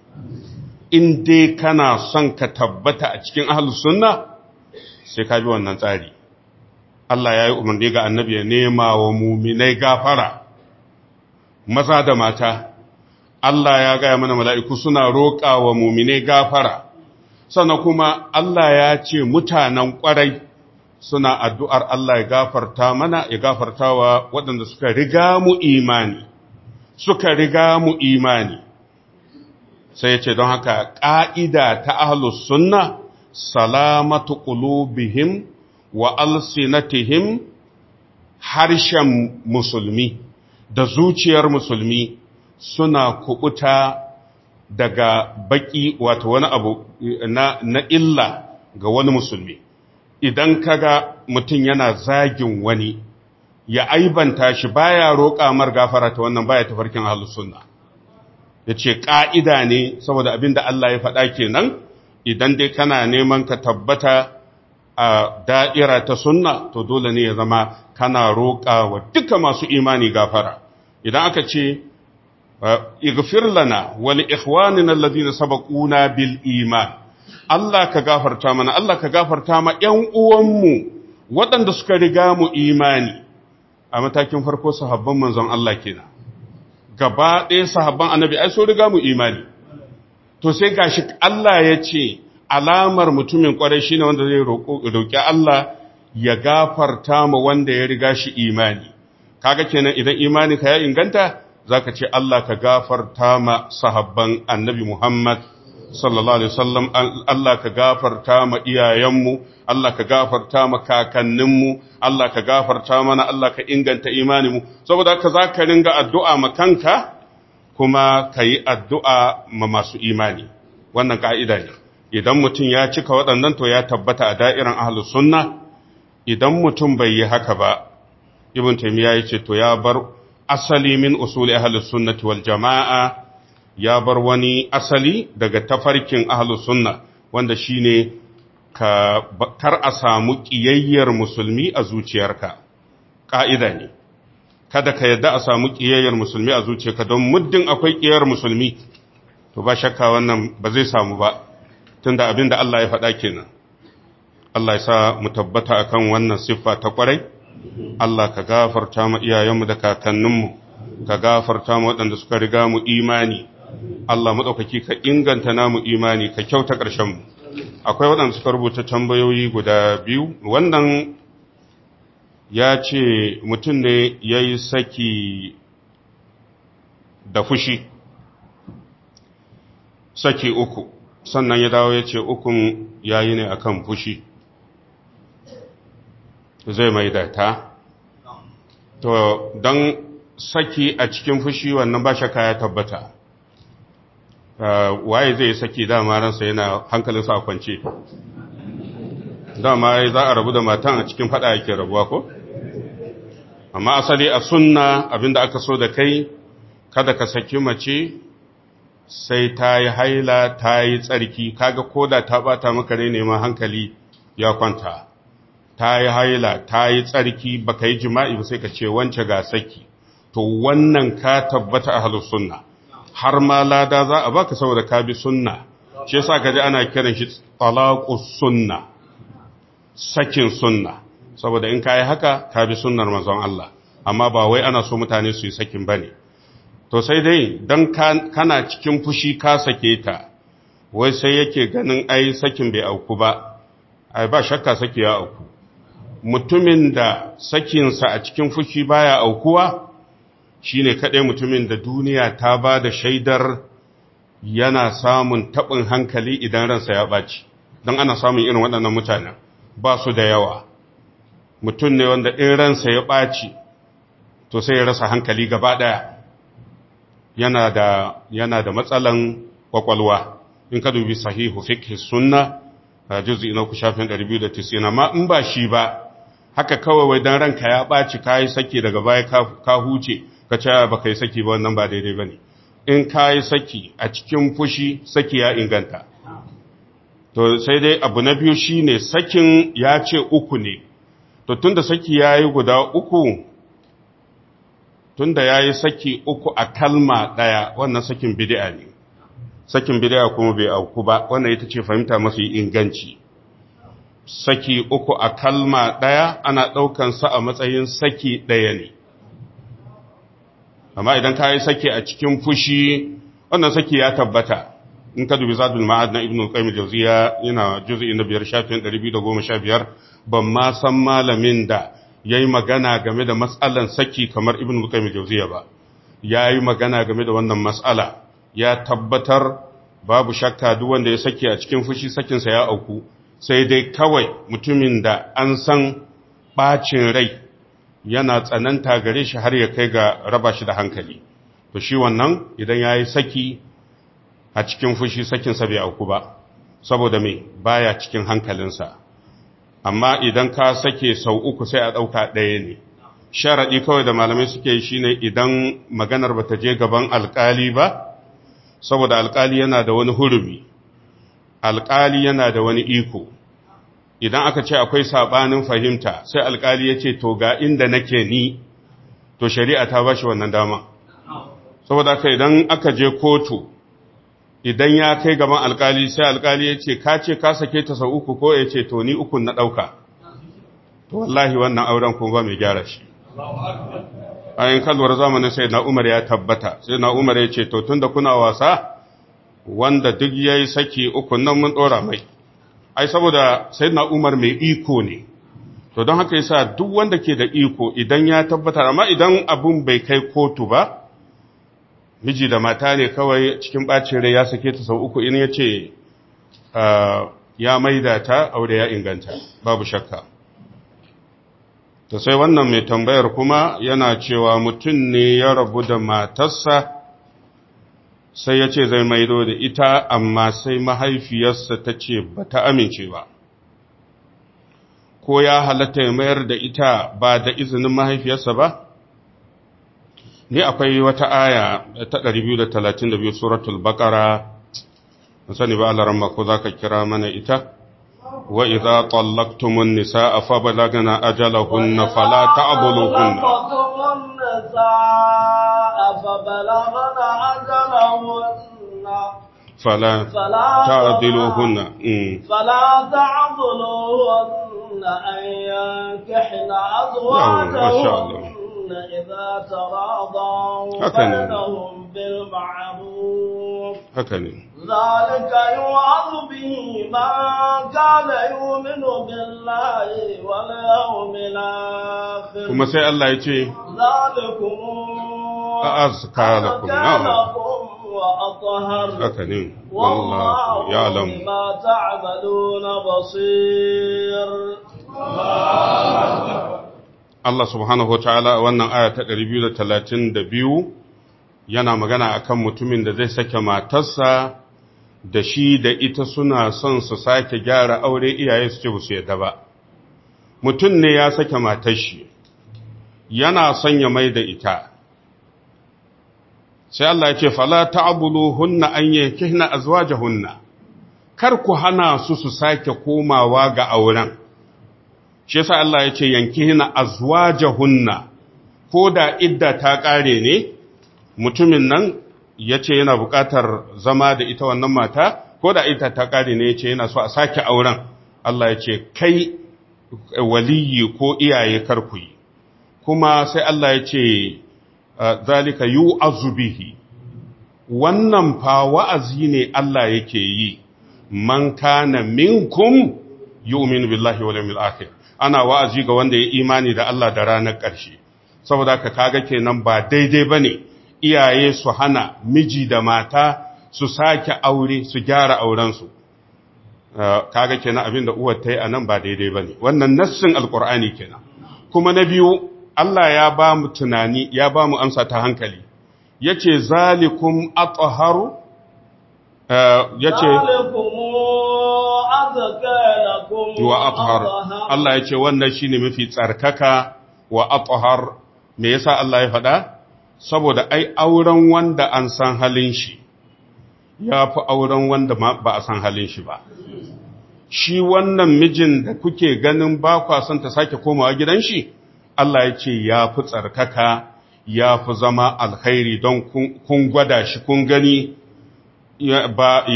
in dai kana son ka tabbata a cikin ahlus sunna sai ka bi wannan tsari Allah ya yi umarni ga annabi ya nema wa muminai gafara maza da mata Allah ya gaya mana mala'iku suna roƙa wa muminai gafara sannan kuma Allah ya ce mutanen ƙwarai suna addu'ar Allah ya gafarta mana ya gafarta wa waɗanda suka riga mu imani suka riga mu imani sai ya ce don haka ƙa'ida ta ahlus sunna salamatu ƙulubihim wa alsinatihim harshen musulmi da zuciyar musulmi suna kubuta daga baƙi wata wani abu na, illa ga wani musulmi idan kaga mutum yana zagin wani ya aibanta shi baya roƙa mar gafara ta wannan baya tafarkin ahlus sunna ya ce ƙa'ida ne saboda abin da Allah ya faɗa kenan idan dai kana neman ka tabbata a da'ira ta sunna to dole ne ya zama kana roƙa wa duka masu imani gafara idan aka ce igfir lana wal ikhwanina alladhina sabaquna bil iman Allah ka gafarta mana Allah ka gafarta ma ƴan uwanmu waɗanda suka riga mu imani a matakin farko sahabban manzon Allah kenan gaba ɗaya sahabban annabi ai sun riga mu imani to sai gashi Allah ya ce alamar mutumin shi ne wanda zai roƙi Allah ya gafarta ma wanda ya riga shi imani kaga kenan idan imani ka ya inganta zaka ce Allah ka gafarta ma sahabban annabi Muhammad sallallahu alaihi wasallam Allah ka gafarta ma iyayenmu Allah ka gafarta ma kakanninmu Allah ka gafarta mana Allah ka inganta imaninmu saboda haka ka ringa addu'a ma kanka kuma kayi addu'a ma masu imani wannan ka'ida ne idan mutum ya cika waɗannan to ya tabbata a da'irin ahlus sunna idan mutum bai yi haka ba ibn taymiya ce to ya bar asali min usuli ahlus sunnati wal jama'a ya bar wani asali daga tafarkin ahlus sunna wanda shine ka kar a samu ƙiyayyar musulmi a zuciyarka ƙa'ida ne kada ka yadda a samu ƙiyayyar musulmi a zuciyarka don muddin akwai ƙiyayyar musulmi to ba shakka wannan ba zai samu ba tunda abin da Allah ya faɗa kenan Allah ya sa mu tabbata akan wannan siffa ta kwarai Allah ka gafarta mu iyayenmu da kakanninmu ka gafarta mu waɗanda suka riga mu imani Allah matsaukaki ka inganta namu imani ka kyauta ƙarshen mu akwai waɗansu suka rubuta tambayoyi guda biyu wannan ya ce mutum ne ya yi saki da fushi saki uku sannan ya dawo ya ce ukun ya yi ne akan fushi zai mai da ta to don saki a cikin fushi wannan ba shaka ya tabbata Eh, waye zai saki dama ransa yana hankalinsa a kwance dama za a rabu da matan a cikin fada yake rabuwa ko amma asali a sunna abinda aka so da kai kada ka saki mace sai ta yi haila ta yi tsarki kaga koda ta bata maka ne neman hankali ya kwanta ta yi haila ta yi tsarki baka yi jima'i ba sai ka ce wance ga saki to wannan ka tabbata a sunna har ma lada za a baka saboda ka bi sunna shi yasa kaje ana kiran shi talaqus sunna sakin sunna saboda in kai haka ka bi sunnar manzon Allah amma ba wai ana so mutane su yi sakin bane to sai dai dan kana cikin fushi ka sake ta wai sai yake ganin ai sakin bai auku ba ai ba shakka saki ya auku mutumin da sakinsa a cikin fushi baya aukuwa Shi ne kaɗai mutumin da duniya ta ba da shaidar yana samun taɓin hankali idan ransa ya ɓaci, don ana samun irin waɗannan mutanen ba su da yawa mutum ne wanda in ransa ya ɓaci, to sai ya rasa hankali gaba ɗaya, yana da yana da matsalan ƙwaƙwalwa. in ka dubi sahihu fiqh sunna juz'i ina ku shafin tisina, amma in ba shi ba haka kawai wai dan ranka ya ɓaci ka yi sake daga baya ka huce ka ce ba ka yi saki ba wannan ba daidai ba ne in ka yi saki a cikin fushi saki ya inganta to sai dai abu na biyu shi ne sakin ya ce uku ne to tunda saki ya yi guda uku tunda ya yi saki uku a kalma ɗaya wannan sakin bidi'a ne sakin bidi'a kuma bai auku ba wannan ita ce fahimta masu inganci saki uku a kalma ɗaya ana ɗaukansa a matsayin saki ɗaya ne amma idan ka yi sake a cikin fushi wannan sake ya tabbata in ka dubi zadun ma'ad na ibnu qayyim jawziya yana juz'i na biyar shafin 215 ban ma san malamin da yayi magana game da mas'alan saki kamar ibnu qayyim jawziya ba yayi magana game da wannan matsala ya tabbatar babu shakka duk wanda ya sake a cikin fushi sakin sa ya auku sai dai kawai mutumin da an san bacin rai yana tsananta gare shi har ya kai ga raba shi da hankali to shi wannan idan ya yi saki a cikin fushi sakinsa bai auku ba saboda mai baya cikin hankalinsa amma idan ka sake sau uku sai a ɗauka ɗaya ne sharaɗi kawai da malamai suke shi ne idan maganar ba ta je gaban alƙali ba saboda alƙali yana da wani hurumi alƙali yana da wani iko idan aka ce akwai sabanin fahimta sai alkali ya ce to ga inda nake ni to shari'a ta ba shi wannan dama saboda haka idan aka je kotu idan ya kai gaban alkali sai alkali ya ce ka ce ka sake ta sau uku ko ya ce to ni ukun na ɗauka to wallahi wannan auren kuma ba mai gyara shi a yin kalwar zamanin sai na umar ya tabbata sai na umar ya ce to tun da kuna wasa wanda duk ya yi saki uku nan mun ɗora mai ai saboda sayyidina Umar mai iko ne to don haka yasa duk wanda ke da iko idan ya tabbata amma idan abun bai kai kotu ba miji da mata ne kawai cikin bacin rai ya sake ta sau uku in ya ce ah, ya maida ta aure ya inganta babu shakka ta sai wannan mai tambayar kuma yana cewa mutum ne ya rabu da matarsa sai ya ce zai maido da ita amma sai mahaifiyarsa ta ce ba ta amince ba ko ya halatta ya mayar da ita ba da izinin mahaifiyarsa ba ni akwai wata aya ta 232 suratul baqara sani ba alaran ko za ka kira mana ita wa idza nisa, nisaa fa balagna ajalahunna fala ta'buluhunna فبلغن عجلهن فلا تعدلوهن فلا تعضلوهن أن ينكحن نعم، أزواجهن إذا تراضوا بينهم بالمعروف ذلك يوعظ به من كان يؤمن بالله واليوم الآخر ثم سي الله يجي ذلكم أزكى نعم والله يعلم ما تعملون بصير Allah subhanahu wa ta'ala wannan aya ta 232 yana magana akan mutumin da zai sake matarsa da shi da ita suna son su sake gyara aure iyaye su ce su yadda ba. Mutum ne ya sake matar shi, yana son ya mai da ita, sai Allah ya ce fala ta'buluhunna an yankihna azwajahunna kar ku hana su su sake komawa ga auren shi yasa Allah ya ce yankihna azwajahunna ko da idda ta kare ne mutumin nan ya ce yana buƙatar zama da ita wannan mata ko da idda ta kare ne ya ce yana so a sake auren Allah ya ce kai waliyi ko iyaye karku yi kuma sai Allah ya ce Uh, zalika yu'azu azubihi. wannan fa wa'azi ne Allah yake yi man kana minkum yu'minu billahi wal yawmil akhir ana wa'azi ga wanda ya imani da Allah da ranar ƙarshe saboda ka kaga kenan ba daidai bane iyaye su hana miji da mata su sake aure su gyara auren su uh, kaga kenan abinda uwar ta yi anan ba daidai bane wannan nassin alqur'ani kenan kuma na biyu Allah ya ba mu tunani ya ba mu amsa ta hankali yace zalikum atharu eh, yace wa athar Allah yace wannan shine mafi tsarkaka wa athar me yasa Allah ya faɗa saboda ai auren wanda an san halin shi ya fi auren wanda ba a san halin shi ba shi wannan mijin da kuke ganin ba kwa son ta sake komawa gidan shi Allah ya ce ya fi tsarkaka ya fi zama alkhairi don kun gwada shi kun gani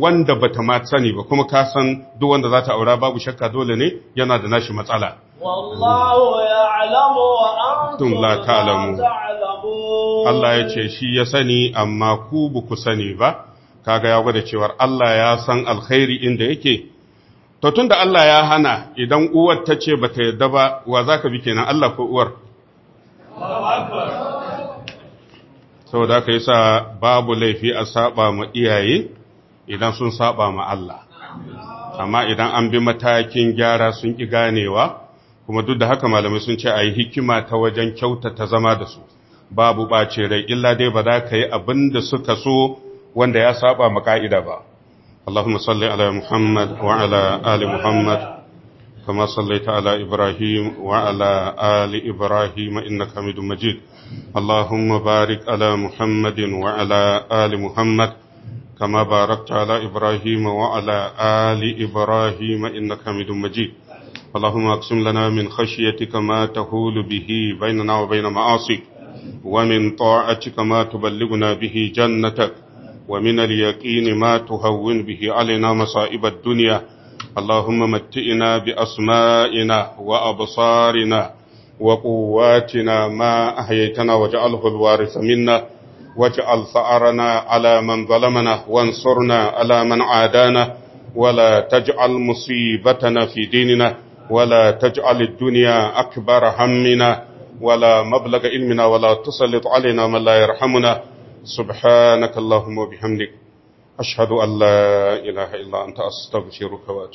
wanda ba ta ma sani ba kuma ka san duk wanda za ta aura babu shakka dole ne yana da nashi matsala wallahu wa Allah ya ce shi ya sani amma ku ba ku sani ba kaga ya gwada cewar Allah ya san alkhairi inda yake to tun da Allah ya hana idan uwar ta ce ba ta yadda ba wa za ka bi kenan Allah ko uwar saboda yi sa, babu laifi a saba ma iyaye idan sun saba ma Allah amma idan an bi matakin gyara sun ƙi ganewa kuma duk da haka malamai sun ce a yi hikima ta wajen kyauta ta zama da su babu ɓace rai illa dai ba za ka yi abin da suka so wanda ya saba ma ƙa'ida ba اللهم صل على محمد وعلى آل محمد كما صليت على إبراهيم وعلى آل إبراهيم إنك حميد مجيد اللهم بارك على محمد وعلى آل محمد كما باركت على إبراهيم وعلى آل إبراهيم إنك حميد مجيد اللهم اقسم لنا من خشيتك ما تهول به بيننا وبين معاصيك ومن طاعتك ما تبلغنا به جنتك ومن اليقين ما تهون به علينا مصائب الدنيا اللهم متئنا بأسمائنا وأبصارنا وقواتنا ما أحييتنا واجعله الوارث منا واجعل ثأرنا على من ظلمنا وانصرنا على من عادانا ولا تجعل مصيبتنا في ديننا ولا تجعل الدنيا أكبر همنا ولا مبلغ علمنا ولا تسلط علينا من لا يرحمنا سبحانك اللهم وبحمدك أشهد أن لا إله إلا أنت أستغفرك وأتوب